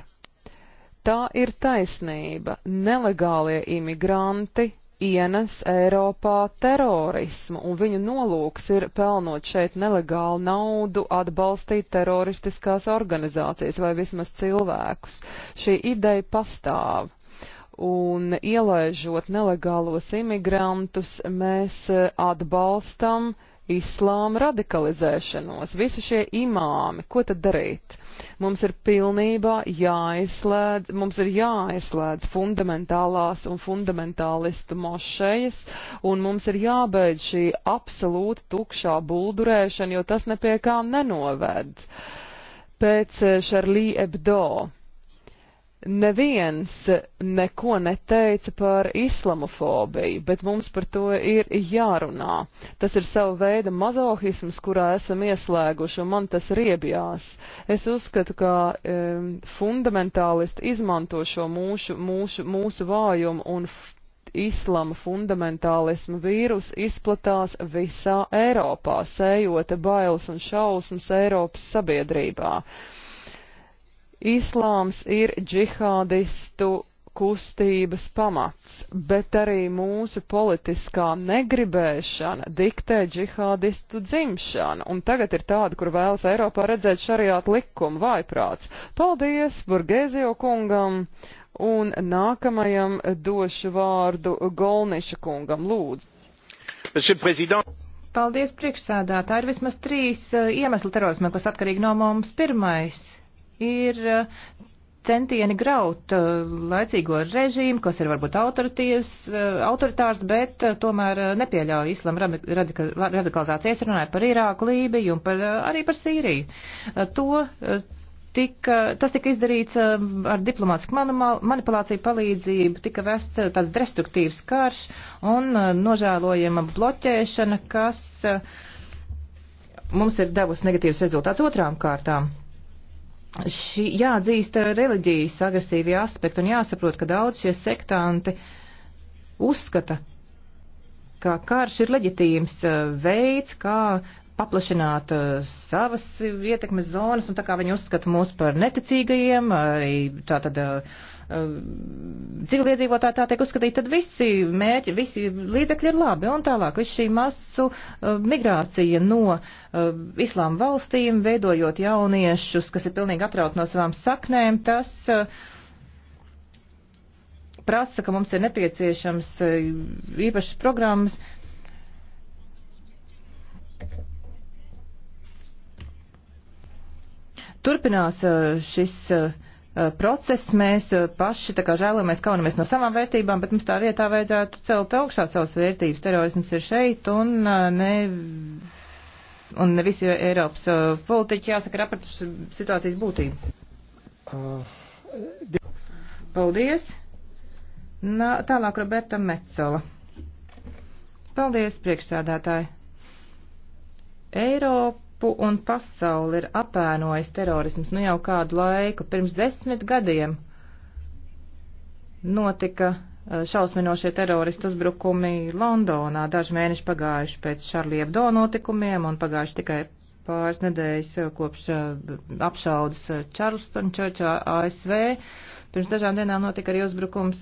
tā ir taisnība. Nelegālie imigranti ienes Eiropā terorismu, un viņu nolūks ir pelnot šeit nelegālu naudu, atbalstīt teroristiskās organizācijas vai vismaz cilvēkus. Šī ideja pastāv. Un ielaižot nelegālos imigrantus, mēs atbalstam islāma radikalizēšanos. Visi šie imāmi, ko tad darīt? Mums ir pilnībā jāizslēdz, mums ir jāizslēdz fundamentālās un fundamentālistu mošejas, un mums ir jābeidz šī absolūta tukšā buldurēšana, jo tas nepiekām nenoved. Pēc Šarlī eh, Ebdo Neviens neko neteica par islamofobiju, bet mums par to ir jārunā. Tas ir sava veida mazohisms, kurā esam ieslēguši, un man tas riebjās. Es uzskatu, ka um, fundamentālisti izmanto šo mūšu, mūšu, mūsu vājumu un islama fundamentālismu vīrus izplatās visā Eiropā, sējota bailes un šausmas Eiropas sabiedrībā. Uh, Īslāms ir džihādistu kustības pamats, bet arī mūsu politiskā negribēšana diktē džihādistu dzimšanu, un tagad ir tāda, kur vēlas Eiropā redzēt šariātu likumu vaiprāts. Paldies Burgēzio kungam, un nākamajam došu vārdu Golniša kungam, lūdzu. Paldies priekšsēdētāji, ir vismaz trīs eh, iemesli terorismam, kas atkarīgi no mums. Pirmais ir eh, centieni graut eh, laicīgo režīmu, kas ir varbūt eh, autoritārs, bet tomēr nepieļauj islam radikalizācijas. Runāju par Irāku, Lībiju un par, arī par Sīriju. To tika, tas tika izdarīts ar diplomātisku manipulāciju palīdzību, tika vests tāds destruktīvs karš un nožēlojama bloķēšana, kas mums ir devusi negatīvas rezultātus otrām kārtām šī jāatzīst reliģijas agresīvie aspekti un jāsaprot, ka daudz šie sektanti uzskata, ka karš ir leģitīms uh, veids, kā paplašināt uh, savas ietekmes zonas, un tā kā viņi uzskata mūs par neticīgajiem, arī tā tad uh, dzīvliedzīvotāji ehm, tā tiek uzskatīti, tad visi mērķi, visi līdzekļi ir labi un tālāk. Viss šī masu ehm, migrācija no ehm, islām valstīm, veidojot jauniešus, kas ir pilnīgi atraut no savām saknēm, tas prasa, ka mums ir nepieciešams īpašas programmas, turpinās šis uh, Eh, process. Mēs eh, paši tā kā žēlamies, kaunamies no savām vērtībām, bet mums tā vietā vajadzētu celt augšā savas vērtības. Terorisms ir šeit un eh, ne. Un ne visi Eiropas politiķi jāsaka ir apratuši situācijas būtību. Paldies. Nā, tālāk Roberta Metzola. Paldies, priekšsādātāji. Eiropa Eiropu un pasauli ir apēnojis terorisms nu jau kādu laiku. Pirms desmit gadiem notika eh, šausminošie teroristu uzbrukumi Londonā. Daži mēneši pagājuši pēc Šarliebdo notikumiem un pagājuši tikai pāris nedēļas eh, kopš eh, apšaudas Čarlston eh, čerčā ASV. Pirms dažām dienām notika arī uzbrukums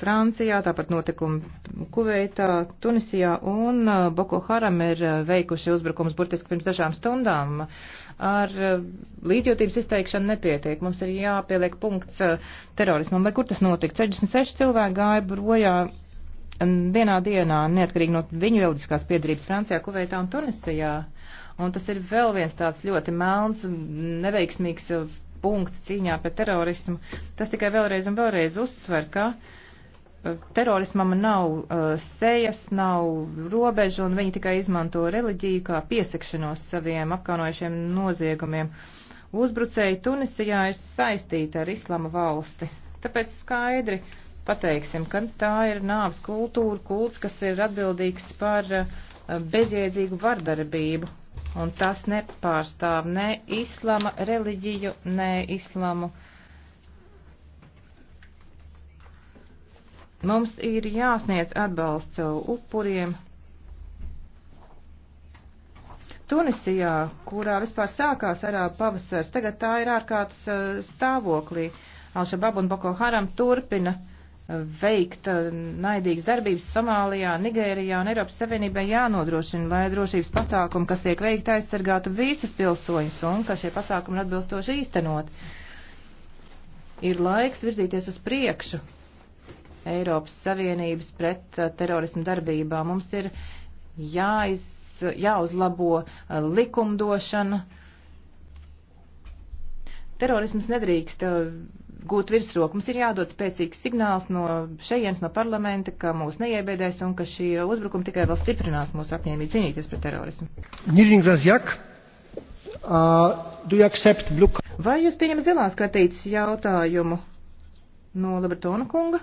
Francijā, tāpat notikumi Kuveitā, Tunisijā un Boko Haram ir veikuši uzbrukums burtiski pirms dažām stundām. Ar līdzjūtības izteikšanu nepietiek. Mums ir jāpieliek punkts terorismam, lai kur tas notika. 66 cilvēki gāja brojā mm, vienā dienā, neatkarīgi no viņu reliģiskās piedarības Francijā, Kuveitā un Tunisijā. Uh, Un tas ir vēl viens tāds ļoti melns, neveiksmīgs uh, punkts cīņā pret terorismu. Tas tikai vēlreiz un vēlreiz uzsver, ka uh, terorismam nav uh, sejas, nav robežu, un viņi tikai izmanto reliģiju kā piesakšanos saviem apkaunojušiem noziegumiem. Uzbrucēji Tunisijā ir saistīti ar islama valsti, tāpēc skaidri pateiksim, ka tā ir nāves kultūra, kults, kas ir atbildīgs par uh, bezjēdzīgu vardarbību un tas nepārstāv ne islama reliģiju, ne islamu. Mums ir jāsniedz atbalsts upuriem. Tunisijā, kurā vispār sākās arābu pavasars, tagad tā ir ārkārtas eh, stāvoklī. Alšabab un Boko Haram turpina uh, veikt uh, naidīgas darbības Somālijā, Nigērijā un Eiropas Savienībai jānodrošina, lai drošības pasākumi, kas tiek veikti, aizsargātu visus pilsoņus un ka šie pasākumi ir atbilstoši īstenot. Ir laiks virzīties uz priekšu Eiropas Savienības pret uh, terorismu darbībā. Mums ir jāiz, jāuzlabo uh, likumdošana. Terorisms nedrīkst gūt virsroku. Mums ir jādod spēcīgs signāls no šejienes, no parlamenta, ka mūs neiebēdēs un ka šie uzbrukumi tikai vēl stiprinās mūsu apņēmību cīnīties pret terorismu. Uh, Vai jūs pieņemat zilās kartītes jautājumu no Labertona kunga?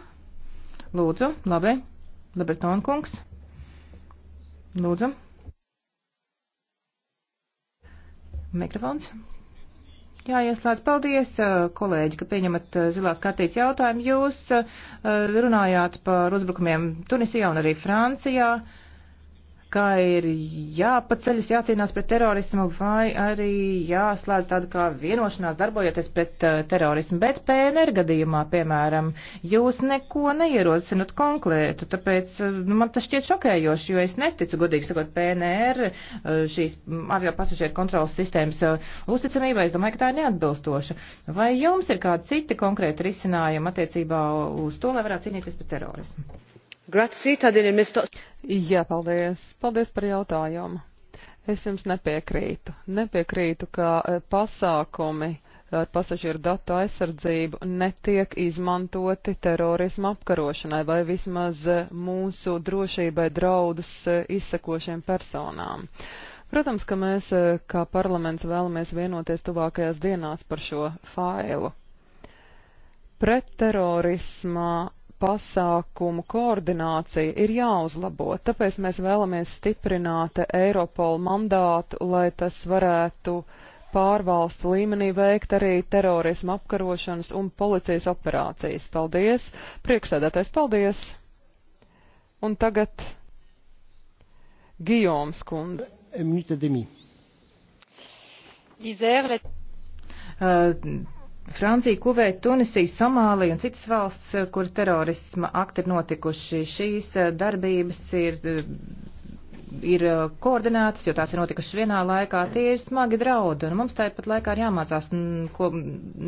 Lūdzu, labi. Labertona kungs. Lūdzu. Mikrofons. Jā, ieslēdz. Paldies, uh, kolēģi, ka pieņemat uh, zilās kartītes jautājumu. Jūs uh, runājāt par uzbrukumiem Tunisijā un arī Francijā kā ir jāpaceļas, jācīnās pret terorismu vai arī jāslēdz tāda kā vienošanās darbojoties pret uh, terorismu. Bet PNR gadījumā, piemēram, jūs neko neierosinat konkrētu, tāpēc uh, nu, man tas šķiet šokējoši, jo es neticu, godīgi sakot, PNR uh, šīs avio pasažieru kontrolas sistēmas uh, uzticamībai. Es domāju, ka tā ir neatbilstoša. Vai jums ir kādi citi konkrēti risinājumi attiecībā uz to, lai varētu cīnīties pret terorismu? Grazzi, tad ir mistoqs. Jā, paldies. Paldies par jautājumu. Es jums nepiekrītu. Nepiekrītu, ka e, pasākumi e, ar pasažieru datu aizsardzību netiek izmantoti terorismu apkarošanai vai vismaz e, mūsu drošībai draudus izsakošiem personām. Protams, ka mēs kā parlaments vēlamies vienoties tuvākajās dienās par šo failu. Pretterorismā pasākumu koordinācija ir jāuzlabo, tāpēc mēs vēlamies stiprināt Eiropola mandātu, lai tas varētu pārvalstu līmenī veikt arī terorismu apkarošanas un policijas operācijas. Paldies! Priekšsēdētais, paldies! Un tagad Gijoms kundze. Minūte demī. Izēle. Uh, Francija, Kuveita, Tunisija, Somālija un citas valsts, eh, kur terorisma akti ir notikuši, šīs eh, darbības ir, eh, ir koordinētas, jo tās ir notikušas vienā laikā, tie ir smagi draudi, un mums tāpat laikā ir jāmācās, ko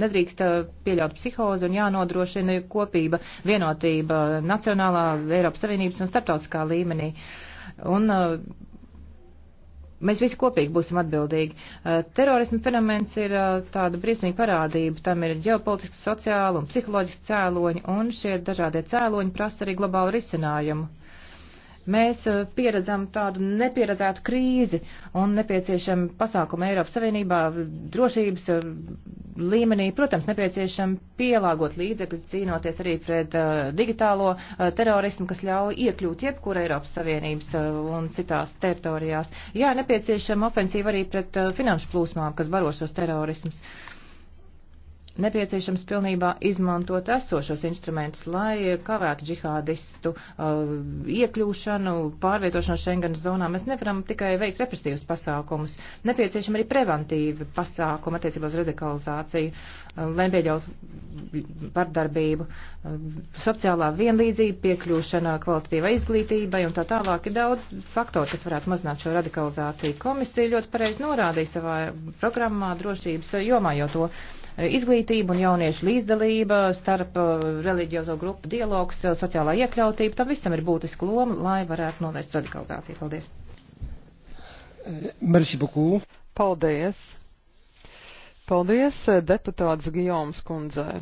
nedrīkst pieļaut psihozi un jānodrošina kopība, vienotība nacionālā, Eiropas Savienības un starptautiskā līmenī. Un, uh, mēs visi kopīgi būsim atbildīgi. Eh, terorisma fenomens ir eh, tāda briesmīga parādība, tam ir ģeopolitiski, sociāli un psiholoģiski cēloņi, un šie dažādie cēloņi prasa arī globālu risinājumu. Mēs eh, pieredzam tādu nepieredzētu krīzi un nepieciešam pasākumu Eiropas Savienībā drošības eh, līmenī. Protams, nepieciešam pielāgot līdzekļi cīnoties arī pret eh, digitālo terorismu, kas ļauj iekļūt jebkur Eiropas Savienības un citās teritorijās. Jā, nepieciešama ofensīva arī pret finanšu plūsmām, kas baro šos terorismus. Uh, nepieciešams pilnībā izmantot esošos instrumentus, lai kavētu džihādistu uh, iekļūšanu, pārvietošanu Schengenas zonā. Mēs nevaram tikai veikt represīvus pasākumus. Nepieciešama arī preventīva pasākuma attiecībā uz radikalizāciju, uh, lai nepieļautu vardarbību, uh, sociālā vienlīdzība, piekļūšana kvalitatīvai izglītībai un tā tālāk ir daudz faktori, kas varētu mazināt šo radikalizāciju. Komisija ļoti pareizi norādīja savā programmā drošības jomā jau to izglītība un jauniešu līdzdalība, starp uh, reliģiozo grupu dialogs, uh, sociālā iekļautība, tam visam ir būtiska loma, lai varētu novērst radikalizāciju. Paldies! Merci beaucoup! Paldies! Paldies eh, deputāts Gijoms kundzei!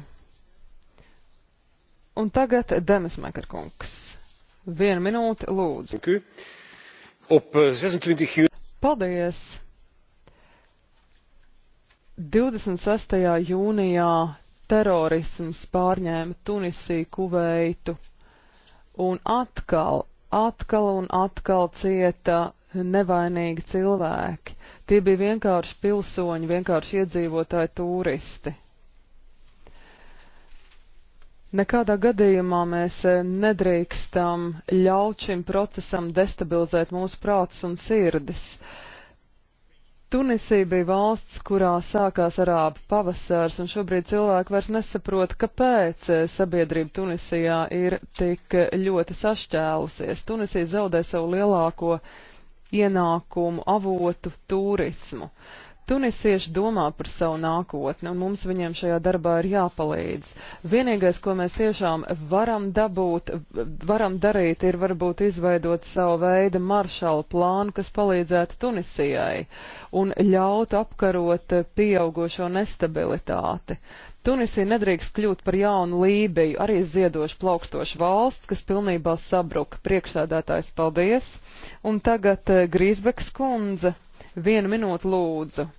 Un tagad Demis Mekarkungs. Vienu minūti, lūdzu. Eh, Paldies! 26. jūnijā terorisms pārņēma Tunisiju, Kuveitu un atkal, atkal un atkal cieta nevainīgi cilvēki. Tie bija vienkārši pilsoņi, vienkārši iedzīvotāji turisti. Nekādā gadījumā mēs e, nedrīkstam ļaut šim procesam destabilizēt mūsu prātus un sirdis. Uh, Tunisija bija valsts, kurā sākās arābu pavasars, un šobrīd cilvēki vairs nesaprot, kāpēc eh, sabiedrība Tunisijā ir tik eh, ļoti sašķēlusies. Tunisija zaudē savu lielāko ienākumu avotu turismu. Uh, Tunisieši domā par savu nākotni, un mums viņiem šajā darbā ir jāpalīdz. Vienīgais, ko mēs tiešām varam dabūt, varam darīt, ir varbūt izveidot savu veidu maršalu plānu, kas palīdzētu Tunisijai un ļautu apkarot pieaugošo nestabilitāti. Tunisija nedrīkst kļūt par jaunu Lībiju, arī ziedošu plaukstošu valsts, kas pilnībā sabruka. Priekšsēdētājs, paldies! Un tagad eh, Grīsbekas kundze, vienu minūtu lūdzu.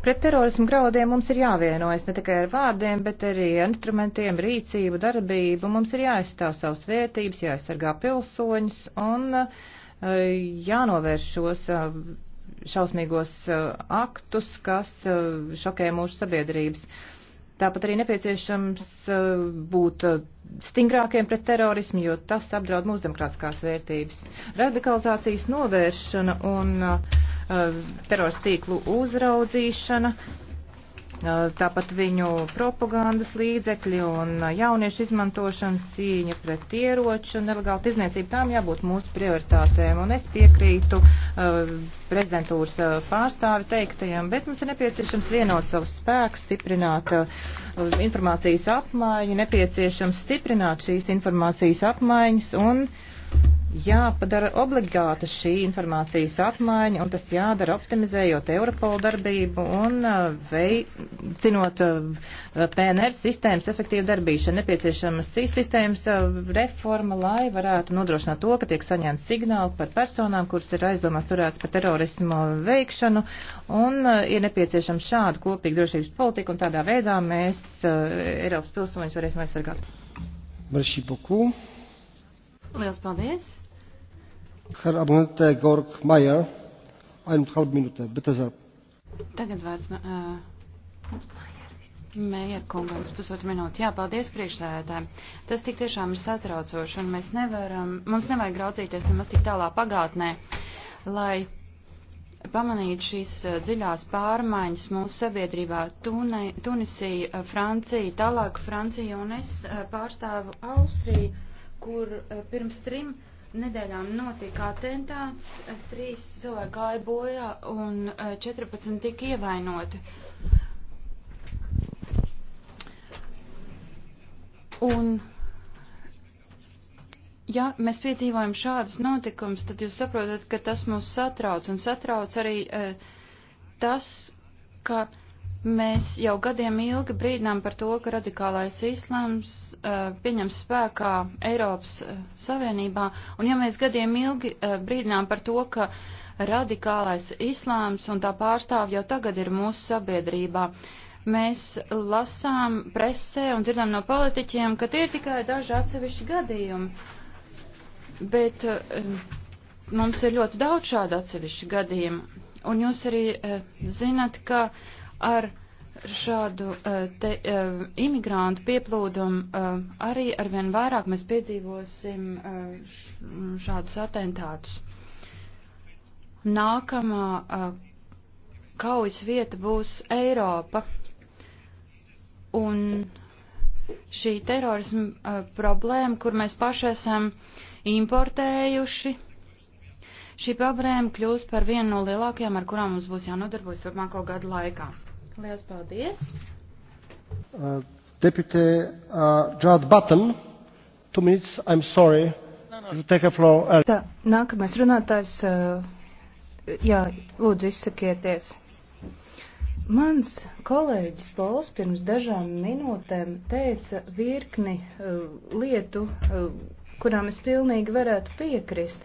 Pret terorismu graudiem mums ir jāvienojas ne tikai ar vārdiem, bet arī instrumentiem, rīcību, darbību. Mums ir jāaizstāv savas vērtības, jāaizsargā pilsoņus un eh, jānovērš šos eh, šausmīgos eh, aktus, kas šokē mūsu sabiedrības. Tāpat arī nepieciešams būt stingrākiem pret terorismu, jo tas apdraud mūsu demokrātiskās vērtības. Radikalizācijas novēršana un uh, Uh, terorstīklu uzraudzīšana, uh, tāpat viņu propagandas līdzekļi un uh, jauniešu izmantošana cīņa pret ieroču un nelegālu izniecību. Tām jābūt mūsu prioritātēm. Un es piekrītu uh, prezidentūras uh, pārstāvi teiktajam, bet mums ir nepieciešams vienot savus spēkus, stiprināt uh, informācijas apmaiņu, nepieciešams stiprināt šīs informācijas apmaiņas un jāpadara obligāta šī informācijas apmaiņa, un tas jādara optimizējot Europolu darbību un uh, veicinot uh, PNR sistēmas efektīvu darbīšanu. Nepieciešama sistēmas uh, reforma, lai varētu nodrošināt to, ka tiek saņemts signāli par personām, kuras ir aizdomās turētas par terorismu veikšanu, un ir nepieciešama šāda kopīga drošības politika, un tādā veidā mēs Eiropas pilsoņus varēsim aizsargāt. Merci beaucoup. Liels paldies! Herr Abgeordneter Georg Mayer, eineinhalb Minuten, bitte sehr. Tagad vārds uh, Mējer kungam, pusotru minūti. Jā, paldies priekšsēdētājiem. Tas tik tiešām ir satraucoši, un mēs nevaram, mums nevajag raudzīties nemaz tik tālā pagātnē, lai pamanītu šīs dziļās pārmaiņas mūsu sabiedrībā. Tune, Tunisija, Francija, tālāk Francija, un es pārstāvu Austriju, kur pirms trim. Uh, nedēļām notika atentāts, trīs cilvēki gāja bojā un 14 e, tika ievainoti. Un, ja mēs piedzīvojam šādus notikumus, tad jūs saprotat, ka tas mūs satrauc un satrauc arī eh, tas, ka eh, Mēs jau gadiem ilgi brīdinām par to, ka radikālais islāms uh, pieņems spēkā Eiropas uh, Savienībā, un ja mēs gadiem ilgi uh, brīdinām par to, ka radikālais islāms un tā pārstāv jau tagad ir mūsu sabiedrībā, mēs lasām presē un dzirdam no politiķiem, ka tie ir tikai daži atsevišķi gadījumi, bet uh, mums ir ļoti daudz šādu atsevišķu gadījumu, un jūs arī uh, zinat, ka uh, ar šādu eh, te, eh, imigrantu pieplūdumu eh, arī arvien vairāk mēs piedzīvosim mm, šādus atentātus. Nākamā kaujas vieta būs Eiropa. Un šī terorisma problēma, kur mēs paši esam importējuši, šī problēma kļūs par vienu no lielākajām, ar kurām mums būs jānodarbojas turpmāko gadu laikā. Lielas paldies! Uh, Deputy uh, Judd Button, two minutes, I'm sorry. You take a floor. Uh. Tā, nākamais runātājs, uh, jā, lūdzu izsakieties. Mans kolēģis Pols pirms dažām minūtēm teica virkni uh, lietu. Uh, kurām es pilnīgi varētu piekrist.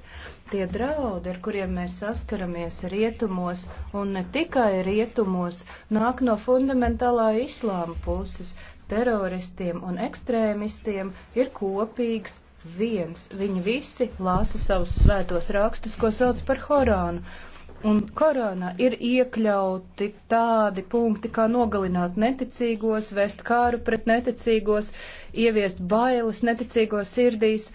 Tie draudi, ar kuriem mēs saskaramies rietumos, un ne tikai rietumos, nāk no fundamentālā islāma puses. Teroristiem un ekstrēmistiem ir kopīgs viens. Viņi visi lasa savus svētos rakstus, ko sauc par Horānu un Korānā ir iekļauti tādi punkti, kā nogalināt neticīgos, vēst kāru pret neticīgos, ieviest bailes neticīgos sirdīs,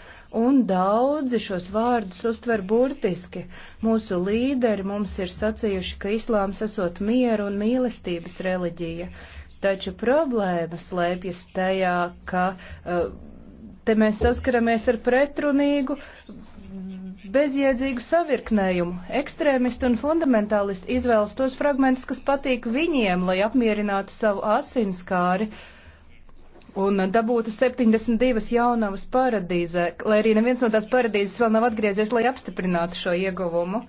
un daudzi šos vārdus uztver burtiski. Mūsu līderi mums ir sacījuši, ka islāms esot mieru un mīlestības reliģija, taču problēma slēpjas tajā, ka. Uh, Te mēs saskaramies ar pretrunīgu bezjēdzīgu savirknējumu. Ekstrēmisti un fundamentālisti izvēlas tos fragmentus, kas patīk viņiem, lai apmierinātu savu asinskāri un dabūtu 72 jaunavas paradīzē, lai arī neviens no tās paradīzes vēl nav atgriezies, lai apstiprinātu šo ieguvumu.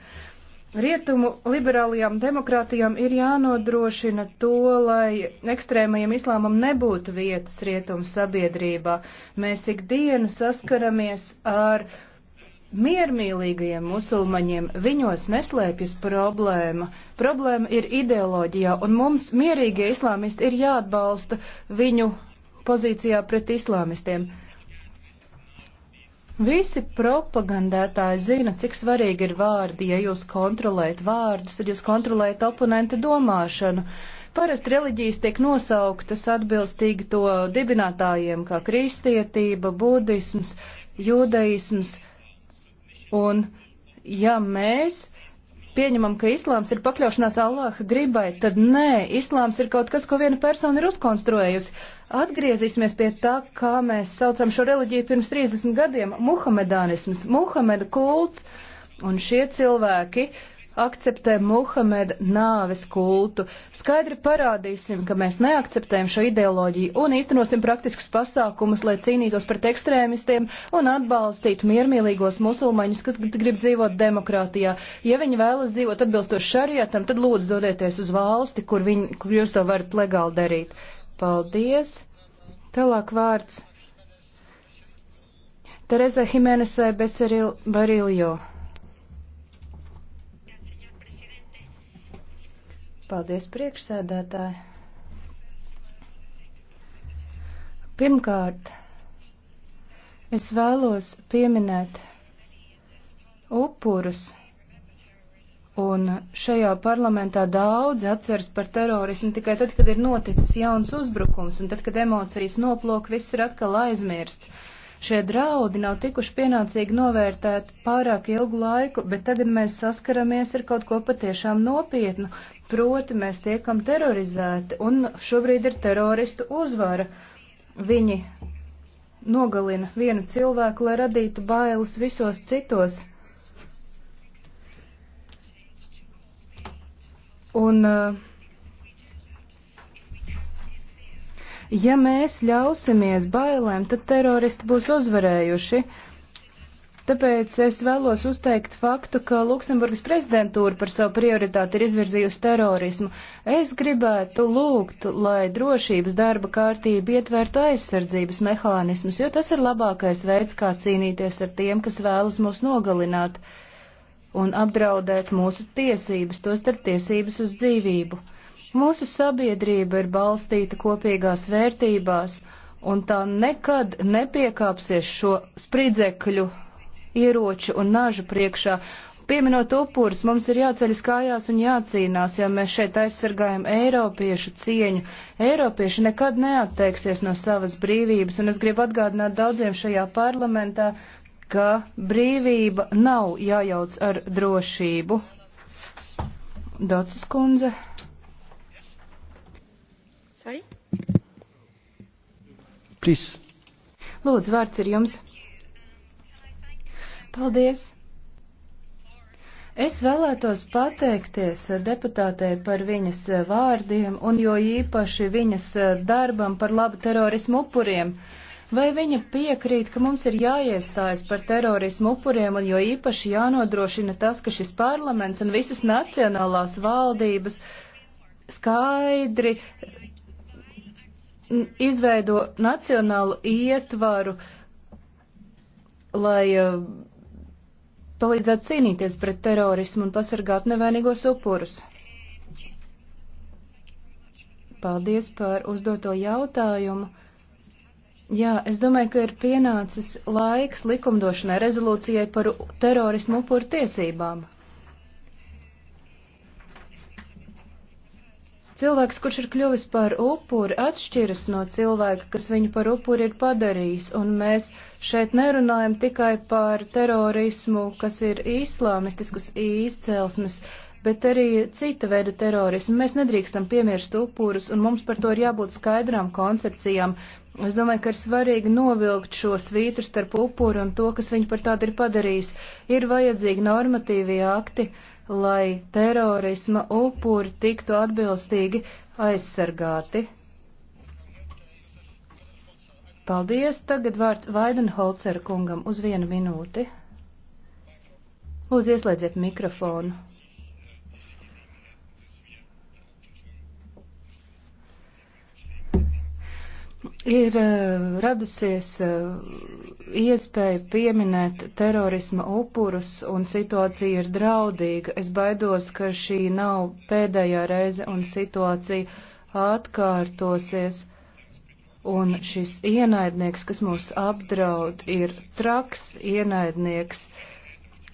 Rietumu liberālajām demokrātijām ir jānodrošina to, lai ekstrēmajam islāmam nebūtu vietas rietumu sabiedrībā. Mēs ikdienu saskaramies ar uh, miermīlīgajiem musulmaņiem viņos neslēpjas problēma. Problēma ir ideoloģijā, un mums mierīgie islāmisti ir jāatbalsta viņu pozīcijā pret islāmistiem. Visi propagandētāji zina, cik svarīgi ir vārdi, ja jūs kontrolējat vārdus, tad jūs kontrolējat oponenta domāšanu. Parasti reliģijas tiek nosauktas atbilstīgi to dibinātājiem, kā kristietība, budisms, jūdaisms. Un ja mēs pieņemam, ka islāms ir pakļaušanās Allāha gribai, tad nē, islāms ir kaut kas, ko viena persona ir uzkonstruējusi. Atgriezīsimies pie tā, kā mēs saucam šo reliģiju pirms 30 gadiem - muhamedānisms, muhameda kults, un šie cilvēki uh, akceptē Muhameda nāves kultu. Skaidri parādīsim, ka mēs neakceptējam šo ideoloģiju un īstenosim praktiskus pasākumus, lai cīnītos pret ekstrēmistiem un atbalstītu miermīlīgos musulmaņus, kas grib dzīvot demokrātijā. Ja viņi vēlas dzīvot atbilstoši šarietam, tad lūdzu dodieties uz valsti, kur, viņi, kur jūs to varat legāli darīt. Paldies! Tālāk vārds. Tereza Jimenez Beceril Bariljo. Paldies, priekšsēdētāji. Pirmkārt, es vēlos pieminēt upurus, un šajā parlamentā daudzi atceras par terorismu tikai tad, kad ir noticis jauns uzbrukums, un tad, kad emocijas noplok, viss ir atkal aizmirsts. Šie draudi nav tikuši pienācīgi novērtēti pārāk ilgu laiku, bet tagad mēs saskaramies ar kaut ko patiešām nopietnu, Proti mēs tiekam terorizēti, un šobrīd ir teroristu uzvara. Viņi nogalina vienu cilvēku, lai radītu bailes visos citos. Un, eh, ja mēs ļausimies bailēm, tad teroristi būs uzvarējuši. Uh, Tāpēc es vēlos uzteikt faktu, ka Luksemburgas prezidentūra par savu prioritāti ir izvirzījusi terorismu. Es gribētu lūgt, lai drošības darba kārtība ietvertu aizsardzības mehānismus, jo tas ir labākais veids, kā cīnīties ar tiem, kas vēlas mūs nogalināt un apdraudēt mūsu tiesības, tostarp tiesības uz dzīvību. Mūsu sabiedrība ir balstīta kopīgās vērtībās, un tā nekad nepiekāpsies šo spridzekļu ieroču un nažu priekšā. Pieminot upurus, mums ir jāceļas kājās un jācīnās, jo mēs šeit aizsargājam Eiropiešu cieņu. Eiropieši nekad neatteiksies no savas brīvības, un es gribu atgādināt daudziem šajā parlamentā, ka brīvība nav jājauc ar drošību. Docis kundze. Sorry? Please. Lūdzu, vārds ir jums. Paldies! Es vēlētos pateikties deputātei par viņas eh, vārdiem un jo īpaši viņas eh, darbam par labu terorismu upuriem. Vai viņa piekrīt, ka mums ir jāiestājas par terorismu upuriem un jo īpaši jānodrošina tas, ka šis parlaments un visas nacionālās valdības skaidri mm, izveido nacionālu ietvaru, lai eh, palīdzētu cīnīties pret terorismu un pasargāt nevainīgos upurus. Paldies par uzdoto jautājumu. Jā, es domāju, ka ir pienācis laiks likumdošanai rezolūcijai par terorismu upuru tiesībām. Cilvēks, kurš ir kļuvis par upuri, atšķiras no cilvēka, kas viņu par upuri ir padarījis, un mēs šeit nerunājam tikai par terorismu, kas ir islāmistiskas izcelsmes, bet arī cita veida terorismu. Mēs nedrīkstam piemirst upurus, un mums par to ir jābūt skaidrām koncepcijām. Es domāju, ka ir svarīgi novilkt šo svītru starp upuru un to, kas viņu par tādu ir padarījis. Ir vajadzīgi normatīvie akti, lai terorisma upuri tiktu atbilstīgi aizsargāti. Paldies. Tagad vārds Vaidenholcer kungam uz vienu minūti. Lūdzu, ieslēdziet mikrofonu. ir eh, radusies eh, iespēja pieminēt terorisma upurus un situācija ir draudīga. Es baidos, ka šī nav pēdējā reize un situācija atkārtosies. Un šis ienaidnieks, kas mūs apdraud, ir traks ienaidnieks,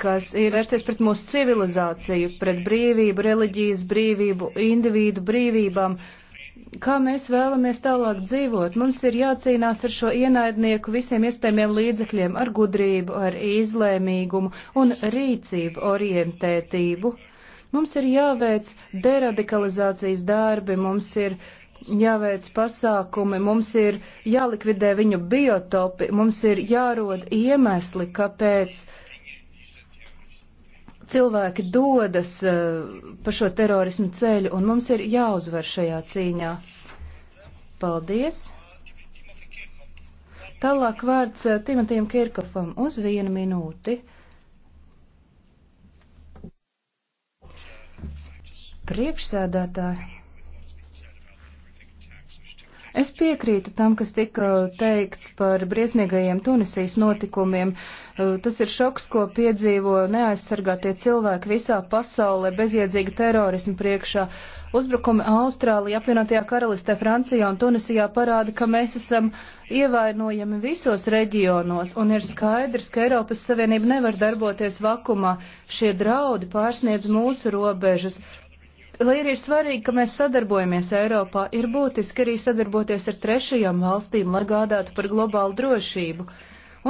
kas ir vērsties pret mūsu civilizāciju, pret brīvību, reliģijas brīvību, individu brīvībām. Uh, kā mēs vēlamies tālāk dzīvot. Mums ir jācīnās ar šo ienaidnieku visiem iespējamiem līdzekļiem, ar gudrību, ar izlēmīgumu un rīcību orientētību. Mums ir jāveic deradikalizācijas darbi, mums ir jāveic pasākumi, mums ir jālikvidē viņu biotopi, mums ir jārod iemesli, kāpēc. Ka cilvēki dodas eh, pa šo terorismu ceļu, un mums ir jāuzvar šajā cīņā. Paldies! Tālāk vārds eh, Timotiem Kirkofam uz vienu minūti. Priekšsēdētāji! Es piekrītu tam, kas tika teikts par briesmīgajiem Tunisijas notikumiem. Uh, tas ir šoks, ko piedzīvo neaizsargātie cilvēki visā pasaulē, bezjēdzīga terorisma priekšā. Uzbrukumi Austrālijā, apvienotajā karalistē, Francijā un Tunisijā parāda, ka mēs esam ievainojami visos reģionos, un ir skaidrs, ka Eiropas Savienība nevar darboties vakumā. Šie draudi pārsniedz mūsu robežas. Lai arī ir svarīgi, ka mēs sadarbojamies Eiropā, ir būtiski arī sadarboties ar trešajām valstīm, lai gādātu par globālu drošību.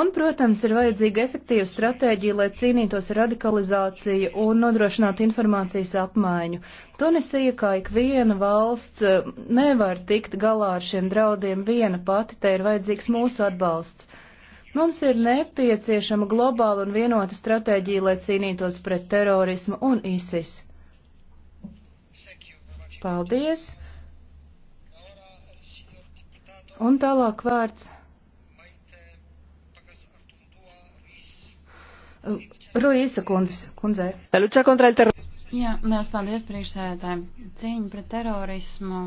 Un, protams, ir vajadzīga efektīva stratēģija, lai cīnītos ar radikalizāciju un nodrošinātu informācijas apmaiņu. Tunisija, kā ik viena valsts, nevar tikt galā ar šiem draudiem viena pati, tai ir vajadzīgs mūsu atbalsts. Mums ir nepieciešama globāla un vienota stratēģija, lai cīnītos pret terorismu un ISIS. Paldies! Un tālāk vārds. Ruisa kundzes, kundzē. Jā, liels paldies priekšsēdētājiem. Cīņa pret terorismu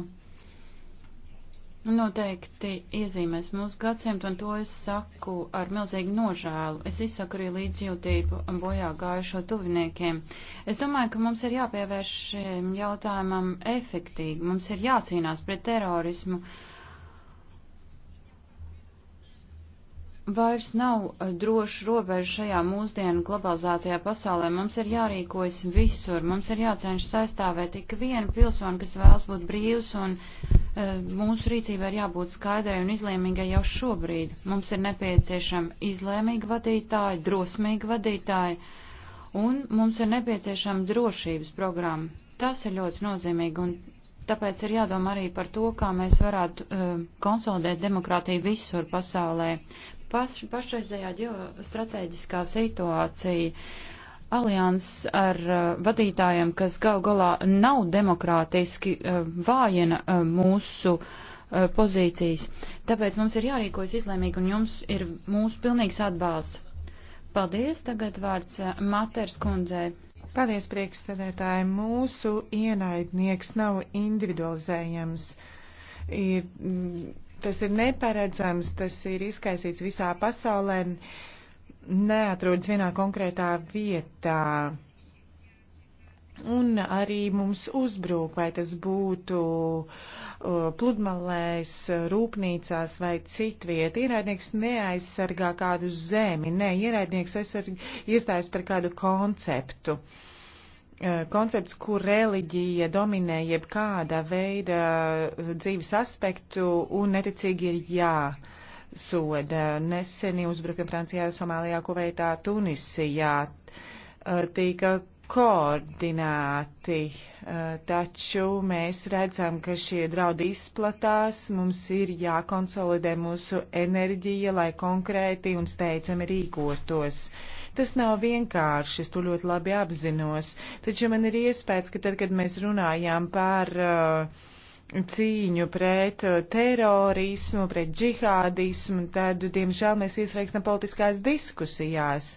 Nu, noteikti iezīmēs mūsu gadsimtu, un to es saku ar milzīgu nožēlu. Es izsaku arī līdzjūtību bojā gājušo tuviniekiem. Es domāju, ka mums ir jāpievērš šiem jautājumam efektīgi. Mums ir jācīnās pret terorismu. Vairs nav eh, droši robežu šajā mūsdienu globalizētajā pasaulē. Mums ir jārīkojas visur. Mums ir jācenšas aizstāvēt ik vienu pilsoni, kas vēlas būt brīvs un Eh, mūsu rīcībai ir jābūt skaidrai un izlēmīgai jau šobrīd. Mums ir nepieciešami izlēmīgi vadītāji, drosmīgi vadītāji, un mums ir nepieciešama drošības programma. Tas ir ļoti nozīmīgi, un tāpēc ir jādomā arī par to, kā mēs varētu uh, konsolidēt demokrātiju visur pasaulē. Paš, pašreizējā ģeostrateģiskā situācija uh, alianss ar uh, vadītājiem, kas gal galā nav demokrātiski, uh, vājina uh, mūsu uh, pozīcijas. Tāpēc mums ir jārīkojas izlēmīgi un jums ir mūsu pilnīgs atbalsts. Paldies, tagad vārds uh, Maters kundzei. Paldies, priekšstādētāji. Mūsu ienaidnieks nav individualizējams. Ir, mm, tas ir neparedzams, tas ir izkaisīts visā pasaulē. Uh, neatrodas vienā konkrētā vietā. Un arī mums uzbrūk, vai tas būtu uh, pludmalēs, rūpnīcās vai citviet. Ierēdnieks neaizsargā kādu zemi, nē, ierēdnieks aizsarg... iestājas par kādu konceptu. Uh, koncepts, kur reliģija dominē jebkāda veida uh, dzīves aspektu un neticīgi ir jā. Uh, soda. Neseni uzbrukumi Francijā, Somālijā, Kuveitā, Tunisijā eh, tika koordinēti, eh, taču mēs redzam, ka šie draudi izplatās, mums ir jākonsolidē mūsu enerģija, lai konkrēti un steidzami rīkotos. Tas nav vienkārši, es to ļoti labi apzinos, taču man ir iespējas, ka tad, kad mēs runājām par uh, cīņu pret uh, terorismu, pret džihādismu, tad, diemžēl, mēs iesaistam politiskās diskusijās.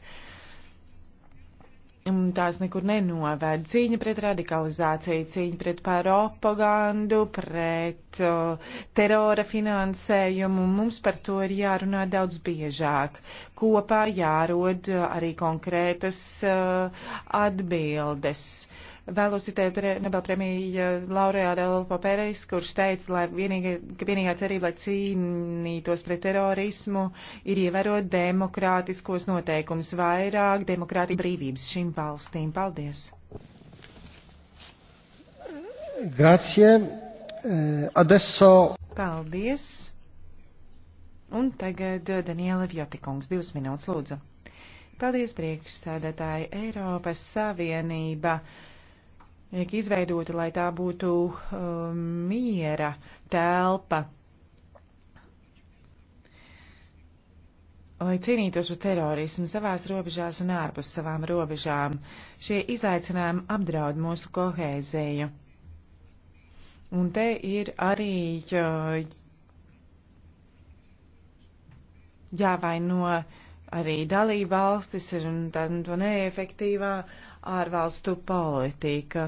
Tās nekur nenovērt. Cīņa pret radikalizāciju, cīņa pret propagandu, pret uh, terora finansējumu. Mums par to ir jārunā daudz biežāk. Kopā jārod uh, arī konkrētas uh, atbildes. Uh, Vēlos citēt pre, Nobelpremija laureāta Elfa Pērēs, kurš teica, lai vienīga, ka vienīgā cerība, lai cīnītos pret terorismu, ir ievērot demokrātiskos noteikumus vairāk, demokrātija brīvības šīm valstīm. Paldies! Grazie. Eh, adesso. Paldies. Un tagad Daniela Vjotikungs, divas minūtes lūdzu. Paldies priekšsēdētāji Eiropas Savienība tiek izveidota, lai tā būtu um, miera telpa, lai cīnītos par terorismu savās robežās un ārpus savām robežām. Šie izaicinājumi apdraud mūsu kohēziju. Un te ir arī uh, jāvaino arī dalība valstis un tā, to neefektīvā ārvalstu politika.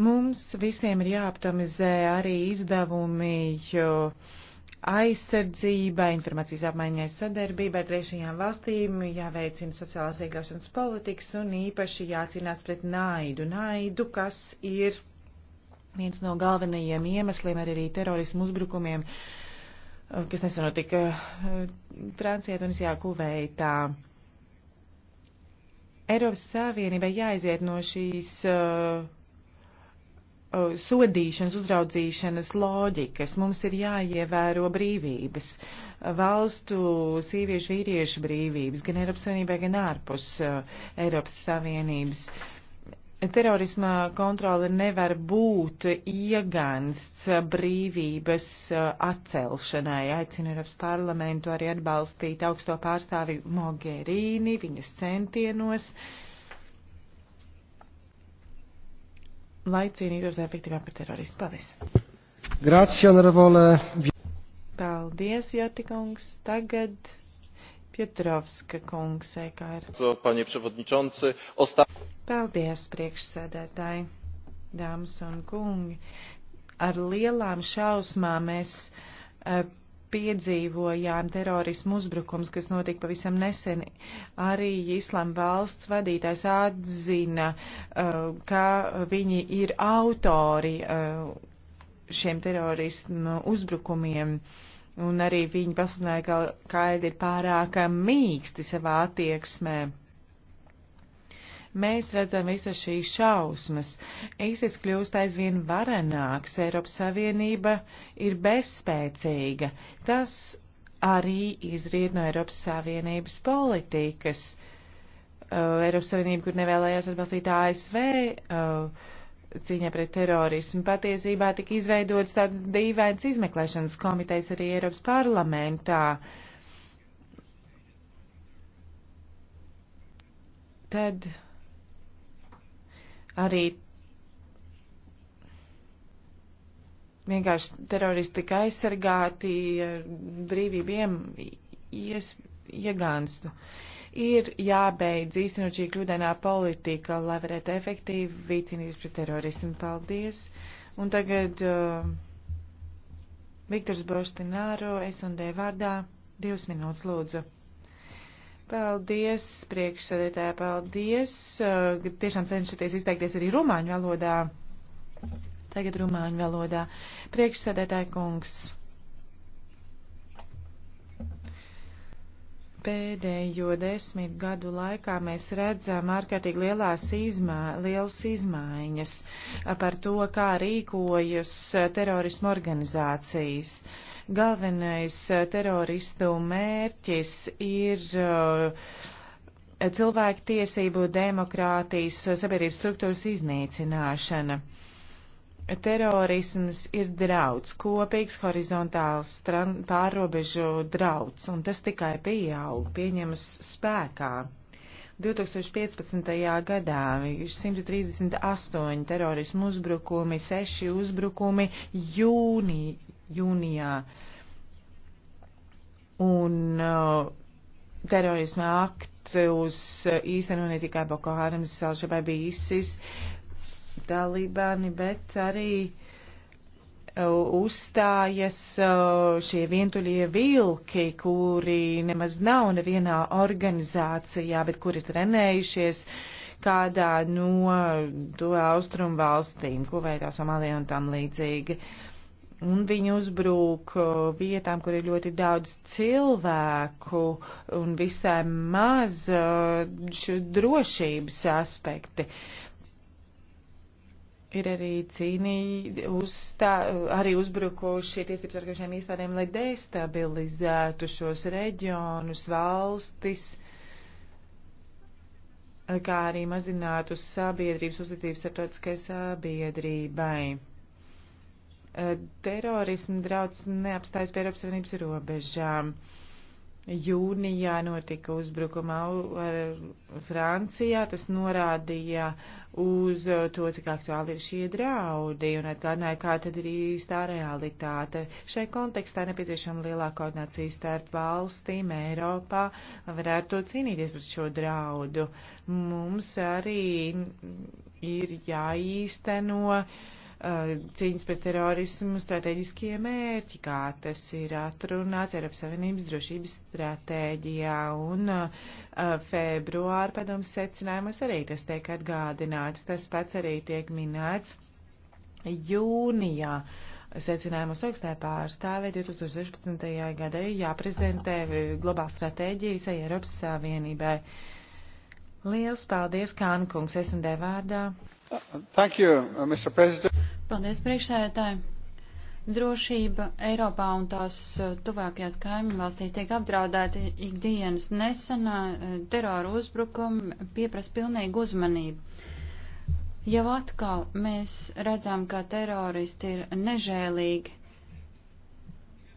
Mums visiem ir jāoptimizē arī izdevumi, jo aizsardzībai, informācijas apmaiņai sadarbībai trešajām valstīm, jāveicina sociālās iekļaušanas politikas un īpaši jācīnās pret naidu. Naidu, kas ir viens no galvenajiem iemesliem arī, arī terorismu uzbrukumiem, kas nesen notika eh, Francijā, Tunisijā, Kuveitā. Eiropas Savienībai jāiziet no šīs uh, uh, sodīšanas, uzraudzīšanas loģikas. Mums ir jāievēro brīvības, valstu sieviešu vīriešu brīvības, gan Eiropas Savienībā, gan ārpus uh, Eiropas Savienības. Uh, Terorisma kontrole nevar būt iegansts brīvības uh, atcelšanai. Aicinu Eiropas parlamentu arī atbalstīt augsto pārstāvi Mogherīni viņas centienos, lai cīnītos efektīvāk par terorismu. Paldies! Grācija, Nervole! Paldies, Jotikungs! Tagad. Pietrovska kungs, EKR. Panie Przewodniczący, ostā... Paldies, priekšsēdētāji, dāmas un kungi. Ar lielām šausmām mēs uh, piedzīvojām terorismu uzbrukums, kas notika pavisam nesen. Arī Islama valsts vadītājs atzina, eh, ka viņi ir autori eh, šiem terorismu uzbrukumiem. Un arī viņi pasludināja, ka kaidi ir pārāk mīksti savā attieksmē. Mēs redzam visas šīs šausmas. ISIS kļūst aizvien varenāks, Eiropas Savienība ir bezspēcīga. Tas arī izriet no Eiropas Savienības politikas. Uh, Eiropas Savienība, kur nevēlējās atbalstīt ASV. Uh, cīņā pret terorismu. Patiesībā tika izveidots tāds dīvains izmeklēšanas komitejas arī Eiropas parlamentā. Tad arī vienkārši teroristi tika aizsargāti brīvībiem ies, iegānstu. Uh, ir jābeidz īstenot šī kļūdainā politika, lai varētu efektīvi cīnīties pret terorismu. Paldies! Un tagad uh, Viktors Boštināro, S&D vārdā, divas minūtes lūdzu. Paldies, priekšsēdētāji, paldies. Uh, tiešām cenšaties izteikties arī rumāņu valodā. Tagad rumāņu valodā. Priekšsēdētāji kungs. Pēdējo desmit gadu laikā mēs redzam ārkārtīgi lielās izmā, lielas izmaiņas par to, kā rīkojas terorismu organizācijas. Galvenais eh, teroristu mērķis ir eh, cilvēktiesību, demokrātijas, sabiedrības struktūras iznīcināšana. Uh, Terorisms ir drauds, kopīgs horizontāls pārrobežu drauds, un tas tikai pieaug, pieņemas spēkā. 2015. gadā ir 138 terorismu uzbrukumi, 6 uzbrukumi jūnī, jūnijā. Un uh, terorisma aktus īstenot ne tikai Boko Haram, Salšabai bija ISIS, uh, Talibani, bet arī e, uzstājas e, šie vientuļie vilki, kuri nemaz nav nevienā organizācijā, bet kuri trenējušies kādā no e, to austrumu valstīm, Kuveitā, Somālijā un tam līdzīgi. Un viņi uzbrūk vietām, kur ir ļoti daudz cilvēku un visai maz drošības aspekti ir arī cīnī, uz tā, arī uzbrukuši tiesības sargājušiem iestādēm, lai destabilizētu šos reģionus, valstis, kā arī mazinātu sabiedrības uzticības starptautiskai sabiedrībai. Terorismu draudz neapstājas pie Eiropas Savienības robežām. Uh, Jūnijā notika uzbrukuma ar Francijā, tas norādīja uz to, cik aktuāli ir šie draudi un atgādināja, kā tad ir īstā realitāte. Šai kontekstā nepieciešama lielā koordinācija starp valstīm Eiropā, lai varētu cīnīties pret šo draudu. Mums arī ir jāīsteno. No Eh, cīņas pret terorismu stratēģiskie mērķi, kā tas ir atrunāts Eiropas Savienības drošības stratēģijā, un eh, februāra padomas secinājumos arī tas tiek atgādināts, tas pats arī tiek minēts jūnijā. Secinājumus augstē pārstāvē 2016. gadā jāprezentē globāla stratēģijas Eiropas Savienībai. Uh, Liels paldies, Kāna kungs, es un devārdā. Thank you, uh, Mr. President. Paldies, priekšsēdētāji. Drošība Eiropā un tās uh, tuvākajās kaimiņvalstīs tiek apdraudēta ikdienas nesenā uh, terora uzbrukuma pieprasa pilnīgu uzmanību. Jau atkal mēs redzam, ka teroristi ir nežēlīgi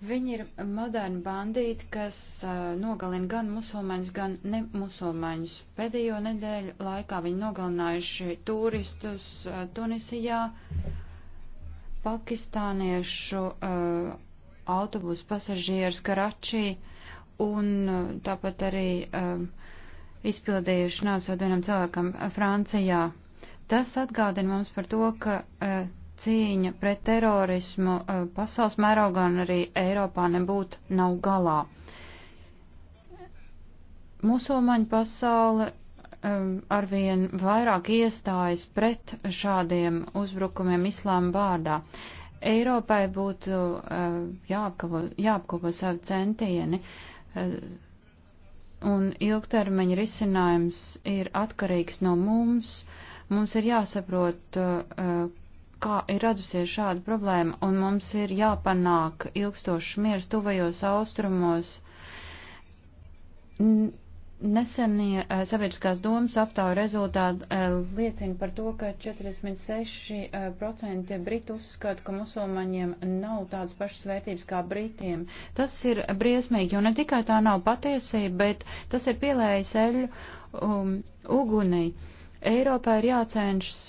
Viņi ir moderni bandīti, kas uh, nogalina gan musulmaņus, gan nemusulmaņus. Pēdējo nedēļu laikā viņi nogalinājuši turistus uh, Tunisijā, pakistāniešu uh, autobusu pasažierus Karačī un uh, tāpat arī uh, izpildījuši nāsot vienam cilvēkam Francijā. Tas atgādina mums par to, ka uh, cīņa pret terorismu eh, pasaules mērogā un arī Eiropā nebūtu nav galā. Musulmaņu pasaule eh, arvien vairāk iestājas pret šādiem uzbrukumiem islāma vārdā. Eiropai būtu eh, jāapkopo savu centieni un ilgtermiņa risinājums ir atkarīgs no mums. Mums ir jāsaprot, kā ir radusies šāda problēma, un mums ir jāpanāk ilgstošs miers tuvajos austrumos. Nesenie eh, sabiedriskās domas aptāvu rezultāti eh, liecina par to, ka 46% eh, Britu uzskata, ka musulmaņiem nav tādas pašas vērtības kā Britiem. Tas ir briesmīgi, jo ne tikai tā nav patiesība, bet tas ir pielējis eļu um, ugunī. Eiropā ir jācenšas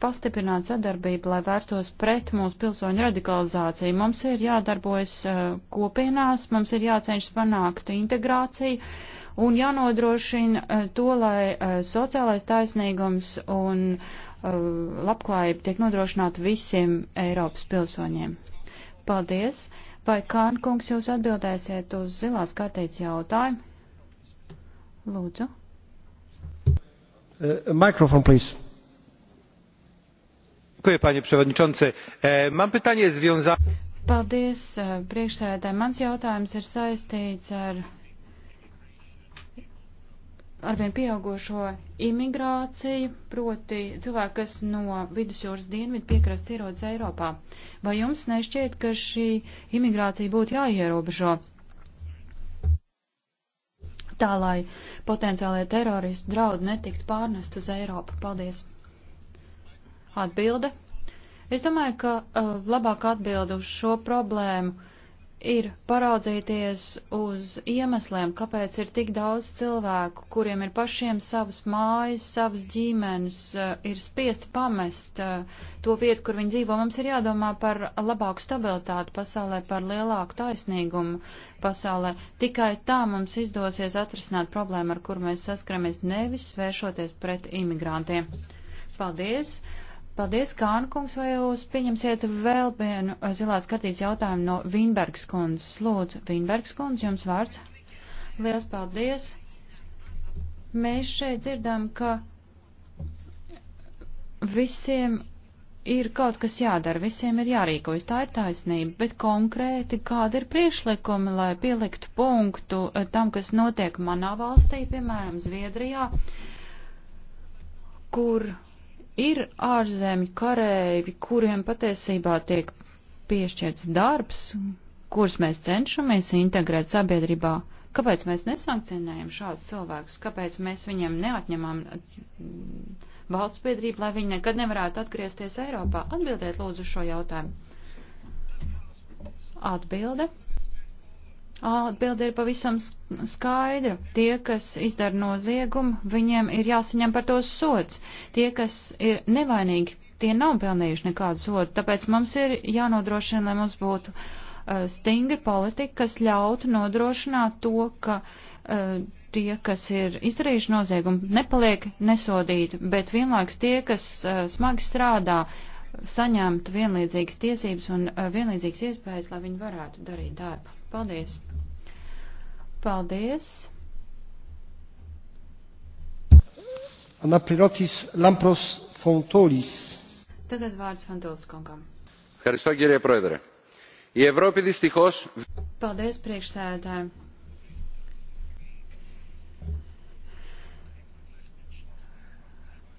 pastiprināt sadarbību, lai vērstos pret mūsu pilsoņu radikalizāciju. Mums ir jādarbojas uh, kopienās, mums ir jācenšas panākt integrāciju un jānodrošina uh, to, lai uh, sociālais taisnīgums un labklājība tiek nodrošināta visiem Eiropas pilsoņiem. Paldies! Vai Kānkungs jūs atbildēsiet uz zilās kartītes jautājumu? Lūdzu. Uh, microphone, please panie przewodniczący! E, mam pytanie związane. Paldies, e, priekšsēdētāji. Mans jautājums ir saistīts ar arvien pieaugušo imigrāciju, proti cilvēku, kas no vidusjūras dienvidu piekrasts ierodas Eiropā. Vai jums nešķiet, ka šī imigrācija būtu jāierobežo? Tā, lai potenciālie teroristu draudi netiktu pārnest uz Eiropu. Paldies! Atbilde. Es domāju, ka uh, labāka atbilde uz šo problēmu ir paraudzīties uz iemesliem, kāpēc ir tik daudz cilvēku, kuriem ir pašiem savas mājas, savas ģimenes, uh, ir spiesti pamest uh, to vietu, kur viņi dzīvo. Mums ir jādomā par labāku stabilitāti pasaulē, par lielāku taisnīgumu pasaulē. Tikai tā mums izdosies atrisināt problēmu, ar kur mēs saskaramies, nevis svēršoties pret imigrantiem. Paldies! Paldies, Kānkungs, vai jūs pieņemsiet vēl vienu eh, zilās kartītes jautājumu no Vinbergs kundzes? Lūdzu, Vinbergs kundze, jums vārds. Liels paldies. Mēs šeit dzirdam, ka visiem ir kaut kas jādara, visiem ir jārīkojas, tā ir taisnība, bet konkrēti kāda ir priešlikuma, lai pieliktu punktu eh, tam, kas notiek manā valstī, piemēram, Zviedrijā, kur ir ārzemju karēji, kuriem patiesībā tiek piešķirts darbs, kurus mēs cenšamies integrēt sabiedrībā. Kāpēc mēs nesankcionējam šādus cilvēkus? Kāpēc mēs viņiem neatņemam valsts biedrību, lai viņi nekad nevarētu atgriezties Eiropā? Atbildiet lūdzu šo jautājumu. Atbilde. Atbilde ir pavisam skaidra. Tie, kas izdara noziegumu, viņiem ir jāsaņem par to sots. Tie, kas ir nevainīgi, tie nav pelnījuši nekādu sodu. Tāpēc mums ir jānodrošina, lai mums būtu uh, stingra politika, kas ļautu nodrošināt to, ka uh, tie, kas ir izdarījuši noziegumu, nepaliek nesodīti, bet vienlaikus tie, kas uh, smagi strādā, saņemtu vienlīdzīgas tiesības un vienlīdzīgas iespējas, lai viņi varētu darīt darbu. Paldies! Paldies! Anapirotis Lampros Fontolis. Tagad vārds Fontolis kungam. Ευχαριστώ κύριε Πρόεδρε. Η Ευρώπη δυστυχώς... Paldies priekšsēdētājiem.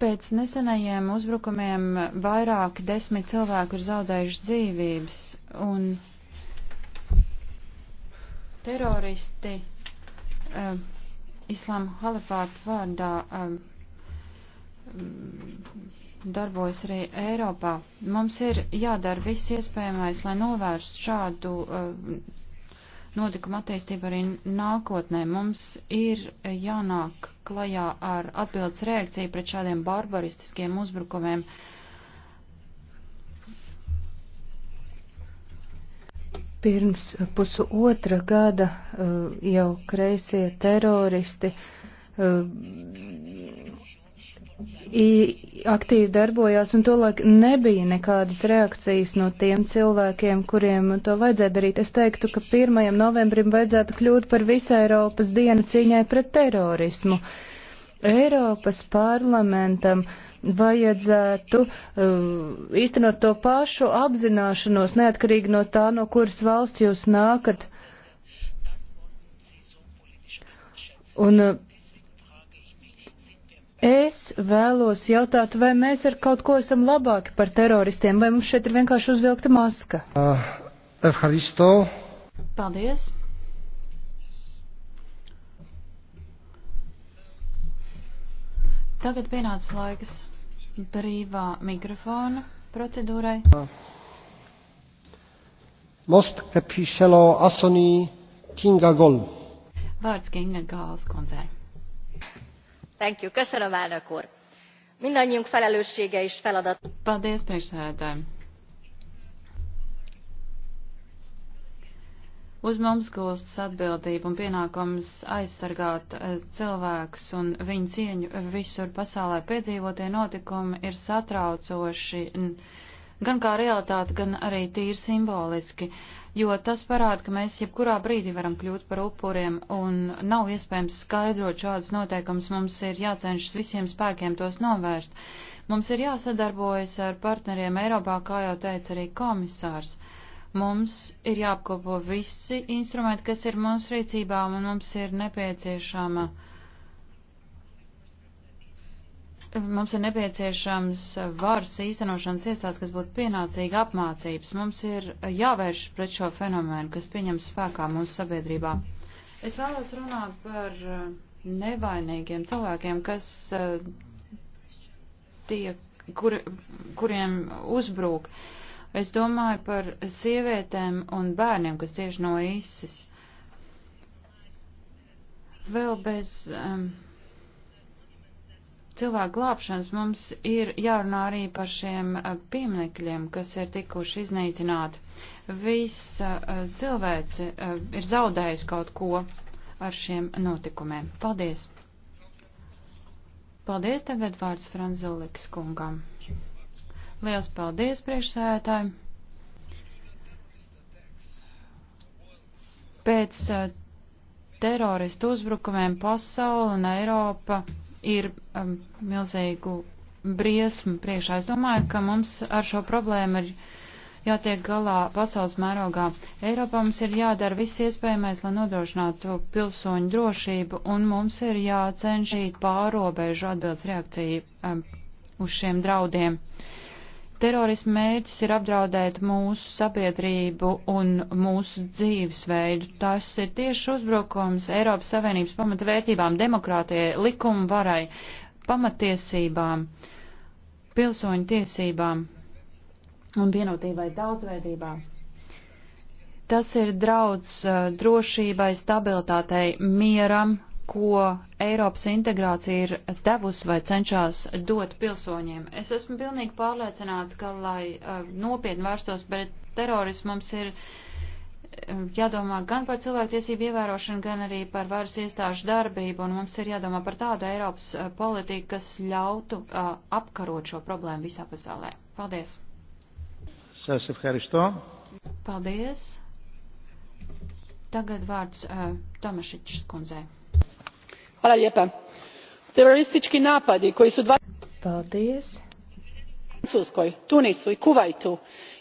Pēc nesenajiem uzbrukumiem vairāki desmit cilvēku ir zaudējuši dzīvības un teroristi uh, um, islāma halifātu vārdā um, mm, darbojas arī Eiropā. Mums ir jādara viss iespējamais, lai novērstu šādu uh, notikumu attīstību arī nākotnē. Mums ir jānāk klajā ar atbildes reakciju pret šādiem barbaristiskiem uzbrukumiem. Uh, Pirms pusotra gada eh, jau kreisie teroristi eh, aktīvi darbojās, un tolaik nebija nekādas reakcijas no tiem cilvēkiem, kuriem to vajadzēja darīt. Es teiktu, ka 1. novembrim vajadzētu kļūt par visu Eiropas dienu cīņai pret terorismu. Eiropas parlamentam uh, vajadzētu uh, īstenot to pašu apzināšanos, neatkarīgi no tā, no kuras valsts jūs nākat. Un uh, es vēlos jautāt, vai mēs ar kaut ko esam labāki par teroristiem, vai mums šeit ir vienkārši uzvilkta maska? Uh, Evharisto. Paldies. Tagad pienācis laiks brīvā mikrofona procedūrai. Most epišelo Asonī Kinga Gol. Vārds Kinga Gāls kundzei. Thank you. Köszönöm, elnök úr. Mindannyiunk felelőssége és feladat. Paldies, priekšsēdētāji Uz mums gulstas atbildība un pienākums aizsargāt eh, cilvēkus un viņu cieņu visur pasaulē. Piedzīvotie notikumi ir satraucoši gan kā realitāte, gan arī tīri simboliski, jo tas parāda, ka mēs jebkurā brīdī varam kļūt par upuriem un nav iespējams skaidrot šādus noteikumus. Mums ir jācenšas visiem spēkiem tos novērst. Mums ir jāsadarbojas ar partneriem Eiropā, kā jau teica arī komisārs Mums ir jāapkopo visi instrumenti, kas ir mūsu rīcībā, un mums ir nepieciešama. Mums ir nepieciešams varas īstenošanas iestādes, kas būtu pienācīga apmācības. Mums ir jāvērš pret šo fenomenu, kas pieņem spēkā mūsu sabiedrībā. Es vēlos runāt par eh, nevainīgiem cilvēkiem, kas eh, tie, kur, kuriem uzbrūk. Uh, Es domāju par sievietēm un bērniem, kas cieši no īsis. Vēl bez um, cilvēku glābšanas mums ir jārunā arī par šiem uh, pieminekļiem, kas ir tikuši iznīcināti. Visa uh, cilvēce uh, ir zaudējusi kaut ko ar šiem notikumiem. Paldies! Paldies tagad vārds Franzuliks kungam. Thank you. Liels paldies priekšsēdētājiem! Pēc uh, teroristu uzbrukumiem pasaule un Eiropa ir um, milzīgu briesmu priekšā. Es domāju, ka mums ar šo problēmu ir jātiek galā pasaules mērogā. Eiropā mums ir jādara viss iespējamais, lai nodrošinātu pilsoņu drošību, un mums ir jācenšīt pārobežu atbildes reakciju um, uz šiem draudiem. Uh, Terorisma mērķis ir apdraudēt mūsu sabiedrību un mūsu dzīvesveidu. Tas ir tieši uzbrukums Eiropas Savienības pamatvērtībām, demokrātijai, likuma varai, pamatiesībām, pilsoņu tiesībām un vienotībai daudzveidībā. Tas ir draudz eh, drošībai, stabilitātei, mieram, ko Eiropas integrācija ir devusi vai cenšas dot pilsoņiem. Es esmu pilnīgi pārliecināts, ka, lai uh, nopietni vērstos pret terorismu, mums ir uh, jādomā gan par cilvēktiesību ievērošanu, gan arī par varas iestāžu darbību, un mums ir jādomā par tādu Eiropas uh, politiku, kas ļautu uh, apkarot šo problēmu visā pasaulē. Paldies! Sasif Haristo. Paldies! Tagad vārds uh, Tomašičs kundzei gospodine predsjedniče teroristički napadi koji su. paldies. francuskoj tunisu i kuvajtu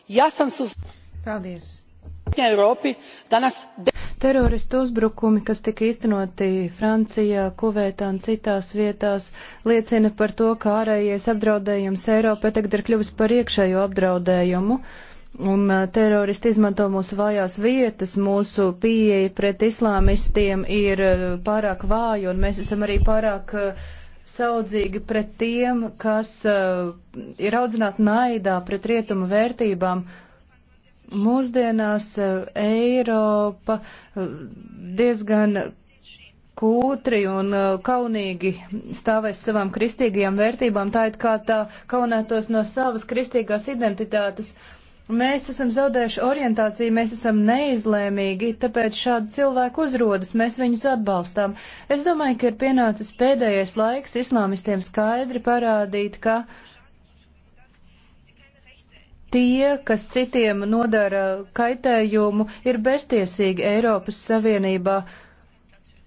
jasan su znak europi danas. teroristu uzbrukumi kas tika īstenoti francijā kuveitā un citās vietās liecina par to ka ārējais apdraudējums eiropai tagad ir kļuvis par iekšējo apdraudējumu. Un teroristi izmanto mūsu vājās vietas, mūsu pieeja pret islāmistiem ir pārāk vāja, un mēs esam arī pārāk saudzīgi pret tiem, kas ir audzināti naidā pret rietumu vērtībām. Mūsdienās Eiropa diezgan kūtri un kaunīgi stāvēs savām kristīgajām vērtībām, tā it kā tā kaunētos no savas kristīgās identitātes. Uh, Mēs esam zaudējuši orientāciju, mēs esam neizlēmīgi, tāpēc šādi cilvēki uzrodas, mēs viņus atbalstām. Es domāju, ka ir pienācis pēdējais laiks islāmistiem skaidri parādīt, ka tie, kas citiem nodara kaitējumu, ir beztiesīgi Eiropas Savienībā,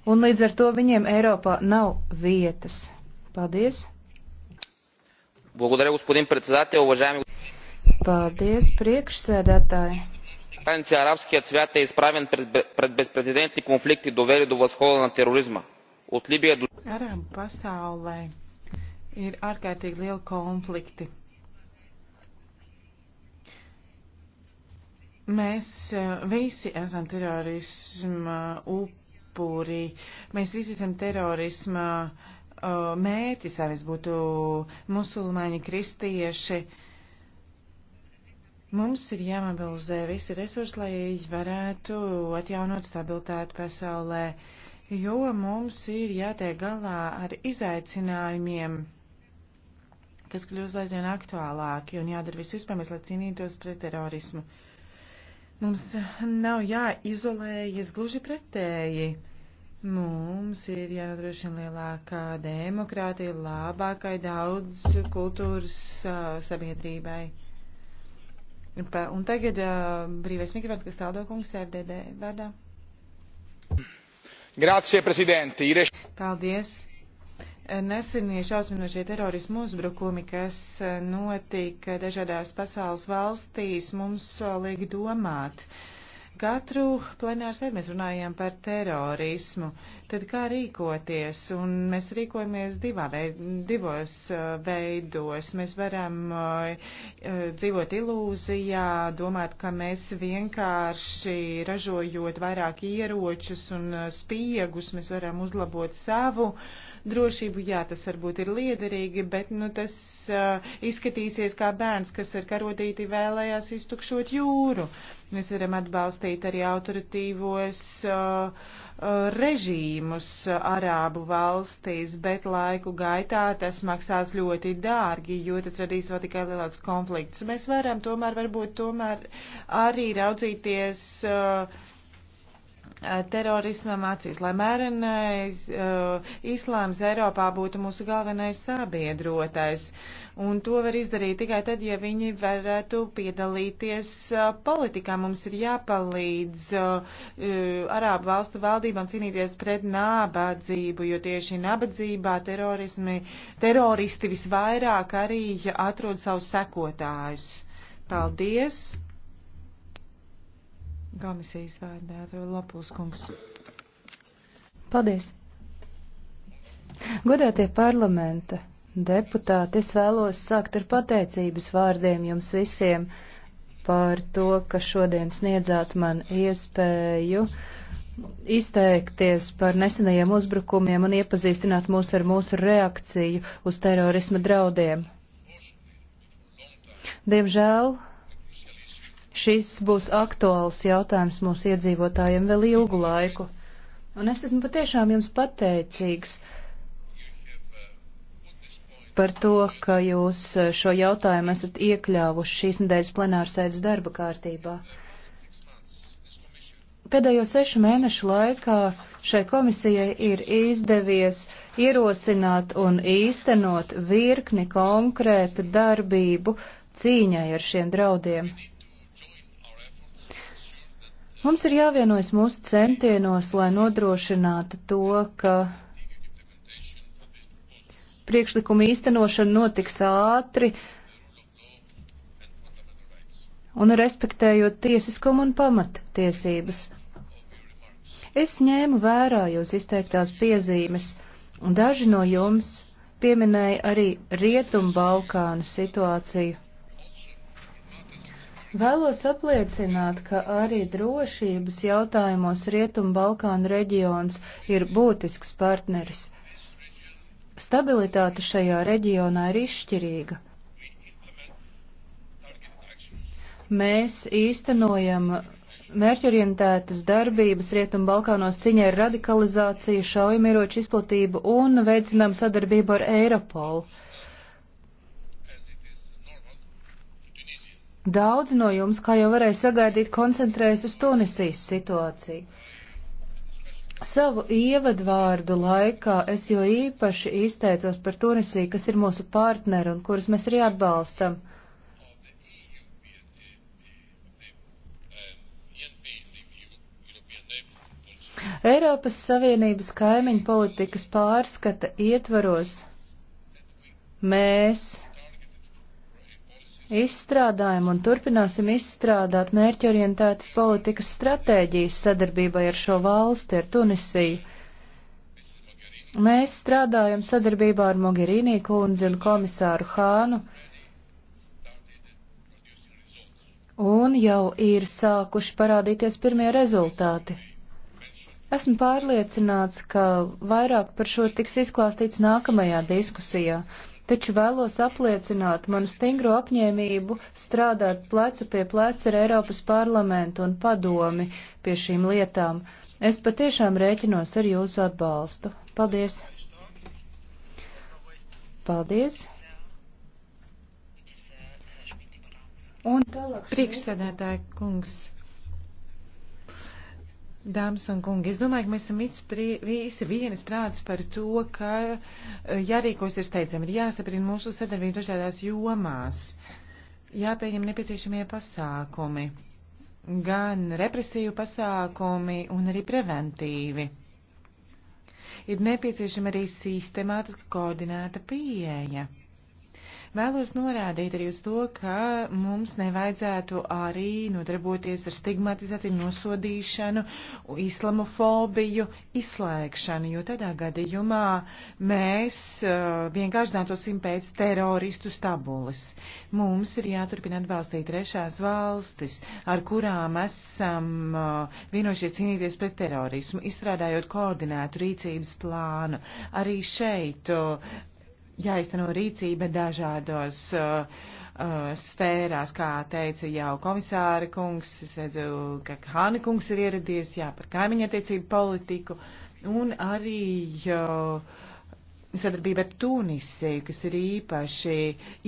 un līdz ar to viņiem Eiropā nav vietas. Paldies! Благодаря, господин председател. Уважаеми Paldies, priekšsēdētāji. Граници арабският свят е изправен пред, пред безпредседентни конфликти, довели до възхода на тероризма. От Либия до... Араб пасауле ir ārkārtīgi lieli konflikti. Mēs eh, visi esam terorisma upuri, mēs visi esam terorisma eh, mērķi, savis būtu musulmaņi, kristieši. Uh, Mums ir jāmobilizē visi resursi, lai varētu atjaunot stabilitāti pasaulē, jo mums ir jātiek galā ar izaicinājumiem, kas kļūst aizvien aktuālāki un jādara viss vispār, lai cīnītos pret terorismu. Mums nav jāizolējas gluži pretēji. Mums ir jānodrošina lielākā demokrātija, labākai daudz kultūras uh, sabiedrībai. Un tagad uh, brīvais mikrofons, kas tādo kungs FDD vārdā. Grācie, prezidenti. Ire... Paldies. Nesenie šausminošie terorismu uzbrukumi, kas notika dažādās pasaules valstīs, mums liek domāt. Uh, Katru plenāru sēdi mēs runājam par terorismu, tad kā rīkoties, un mēs rīkojamies divā veid, divos uh, veidos. Mēs varam uh, uh, dzīvot ilūzijā, domāt, ka mēs vienkārši ražojot vairāk ieročus un uh, spiegus, mēs varam uzlabot savu uh, drošību. Jā, tas varbūt ir liederīgi, bet nu, tas uh, izskatīsies kā bērns, kas ar karotīti vēlējās iztukšot jūru. Mēs varam atbalstīt arī autoritīvos uh, uh, režīmus Arābu valstīs, bet laiku gaitā tas maksās ļoti dārgi, jo tas radīs vēl tikai lielāks konflikts. Mēs varam tomēr varbūt tomēr arī raudzīties. Uh, Eh, terorismam acīs, lai mērenais uh, islāms Eiropā būtu mūsu galvenais sabiedrotais. Un to var izdarīt tikai tad, ja viņi varētu piedalīties uh, politikā. Mums ir jāpalīdz uh, Arābu valstu valdībām cīnīties pret nabadzību, jo tieši nabadzībā teroristi visvairāk arī atrod savus sekotājus. Paldies! komisijas vārdā Lapuls kungs. Paldies! Godātie parlamenta deputāti, es vēlos sākt ar pateicības vārdiem jums visiem par to, ka šodien sniedzāt man iespēju izteikties par nesenajiem uzbrukumiem un iepazīstināt mūs ar mūsu reakciju uz terorisma draudiem. Diemžēl Šis būs aktuāls jautājums mūsu iedzīvotājiem vēl ilgu laiku. Un es esmu patiešām jums pateicīgs par to, ka jūs šo jautājumu esat iekļāvuši šīs nedēļas plenārsēdes darba kārtībā. Pēdējo sešu mēnešu laikā šai komisijai ir izdevies ierosināt un īstenot virkni konkrētu darbību cīņai ar šiem draudiem. Mums ir jāvienojas mūsu centienos, lai nodrošinātu to, ka priekšlikuma īstenošana notiks ātri un respektējot tiesiskumu un pamattiesības. Es ņēmu vērā jūs izteiktās piezīmes, un daži no jums pieminēja arī Rietumbalkānu situāciju. Vēlos apliecināt, ka arī drošības jautājumos Rietumbalkānu reģions ir būtisks partneris. Stabilitāte šajā reģionā ir izšķirīga. Mēs īstenojam mērķorientētas darbības Rietumbalkānos ciņā ar radikalizāciju, šaujamieroču izplatību un veicinām sadarbību ar Eiropolu. Daudz no jums, kā jau varēja sagaidīt, koncentrējas uz Tunisijas situāciju. Savu ievadvārdu laikā es jo īpaši izteicos par Tunisiju, kas ir mūsu partneri un kurus mēs arī atbalstam. Eiropas Savienības kaimiņu politikas pārskata ietvaros mēs Izstrādājam un turpināsim izstrādāt mērķorientētas politikas stratēģijas sadarbībai ar šo valsti, ar Tunisiju. Mēs strādājam sadarbībā ar Mogherini kundzi un komisāru Hānu, un jau ir sākuši parādīties pirmie rezultāti. Esmu pārliecināts, ka vairāk par šo tiks izklāstīts nākamajā diskusijā taču vēlos apliecināt manu stingro apņēmību strādāt plecu pie pleca ar Eiropas parlamentu un padomi pie šīm lietām. Es patiešām rēķinos ar jūsu atbalstu. Paldies! Paldies! Un tālāk. Priekšsēdētāji kungs. Dāmas un kungi, es domāju, ka mēs esam visi vienas prātas par to, ka eh, jārīkos ir steidzami, ir jāstiprina mūsu sadarbība dažādās jomās, jāpieņem nepieciešamie pasākumi, gan represīvu pasākumi un arī preventīvi. Ir nepieciešama arī sistemātiska koordinēta pieeja. Vēlos norādīt arī uz to, ka mums nevajadzētu arī nodarboties ar stigmatizāciju, nosodīšanu, islamofobiju, izslēgšanu, jo tādā gadījumā mēs uh, vienkārši nācosim pēc teroristu stabulas. Mums ir jāturpina atbalstīt trešās valstis, ar kurām esam uh, vienojušies cīnīties pret terorismu, izstrādājot koordinētu rīcības plānu. Arī šeit uh, jāizteno rīcība dažādos uh, uh, sfērās, kā teica jau komisāra kungs, es redzu, ka Hāna kungs ir ieradies, jā, par kaimiņa attiecību politiku, un arī uh, sadarbība ar Tunisiju, kas ir īpaši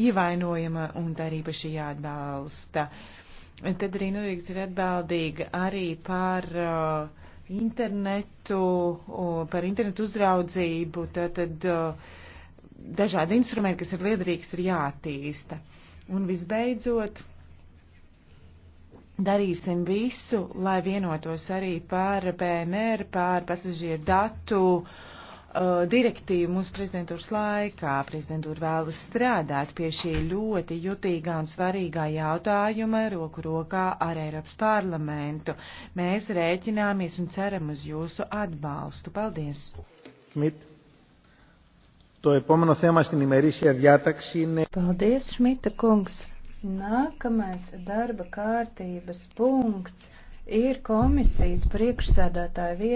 ievainojama un tā ir īpaši jāatbalsta. Un tad arī Noriks nu, ir atbildīga arī par uh, internetu, uh, par internetu uzraudzību, tātad. Uh, dažādi instrumenti, kas ir liederīgs, ir jātīsta. Un visbeidzot, darīsim visu, lai vienotos arī par PNR, par pasažieru datu uh, direktīvu mūsu prezidentūras laikā. Prezidentūra vēlas strādāt pie šī ļoti jutīgā un svarīgā jautājuma roku rokā ar Eiropas parlamentu. Mēs rēķināmies un ceram uz jūsu atbalstu. Paldies! Mit. To επόμενο θέμα στην ημερήσια διάταξη είναι... Paldies, Šmita kungs. Nākamais darba kārtības punkts ir komisijas priekšsēdētāja vieta.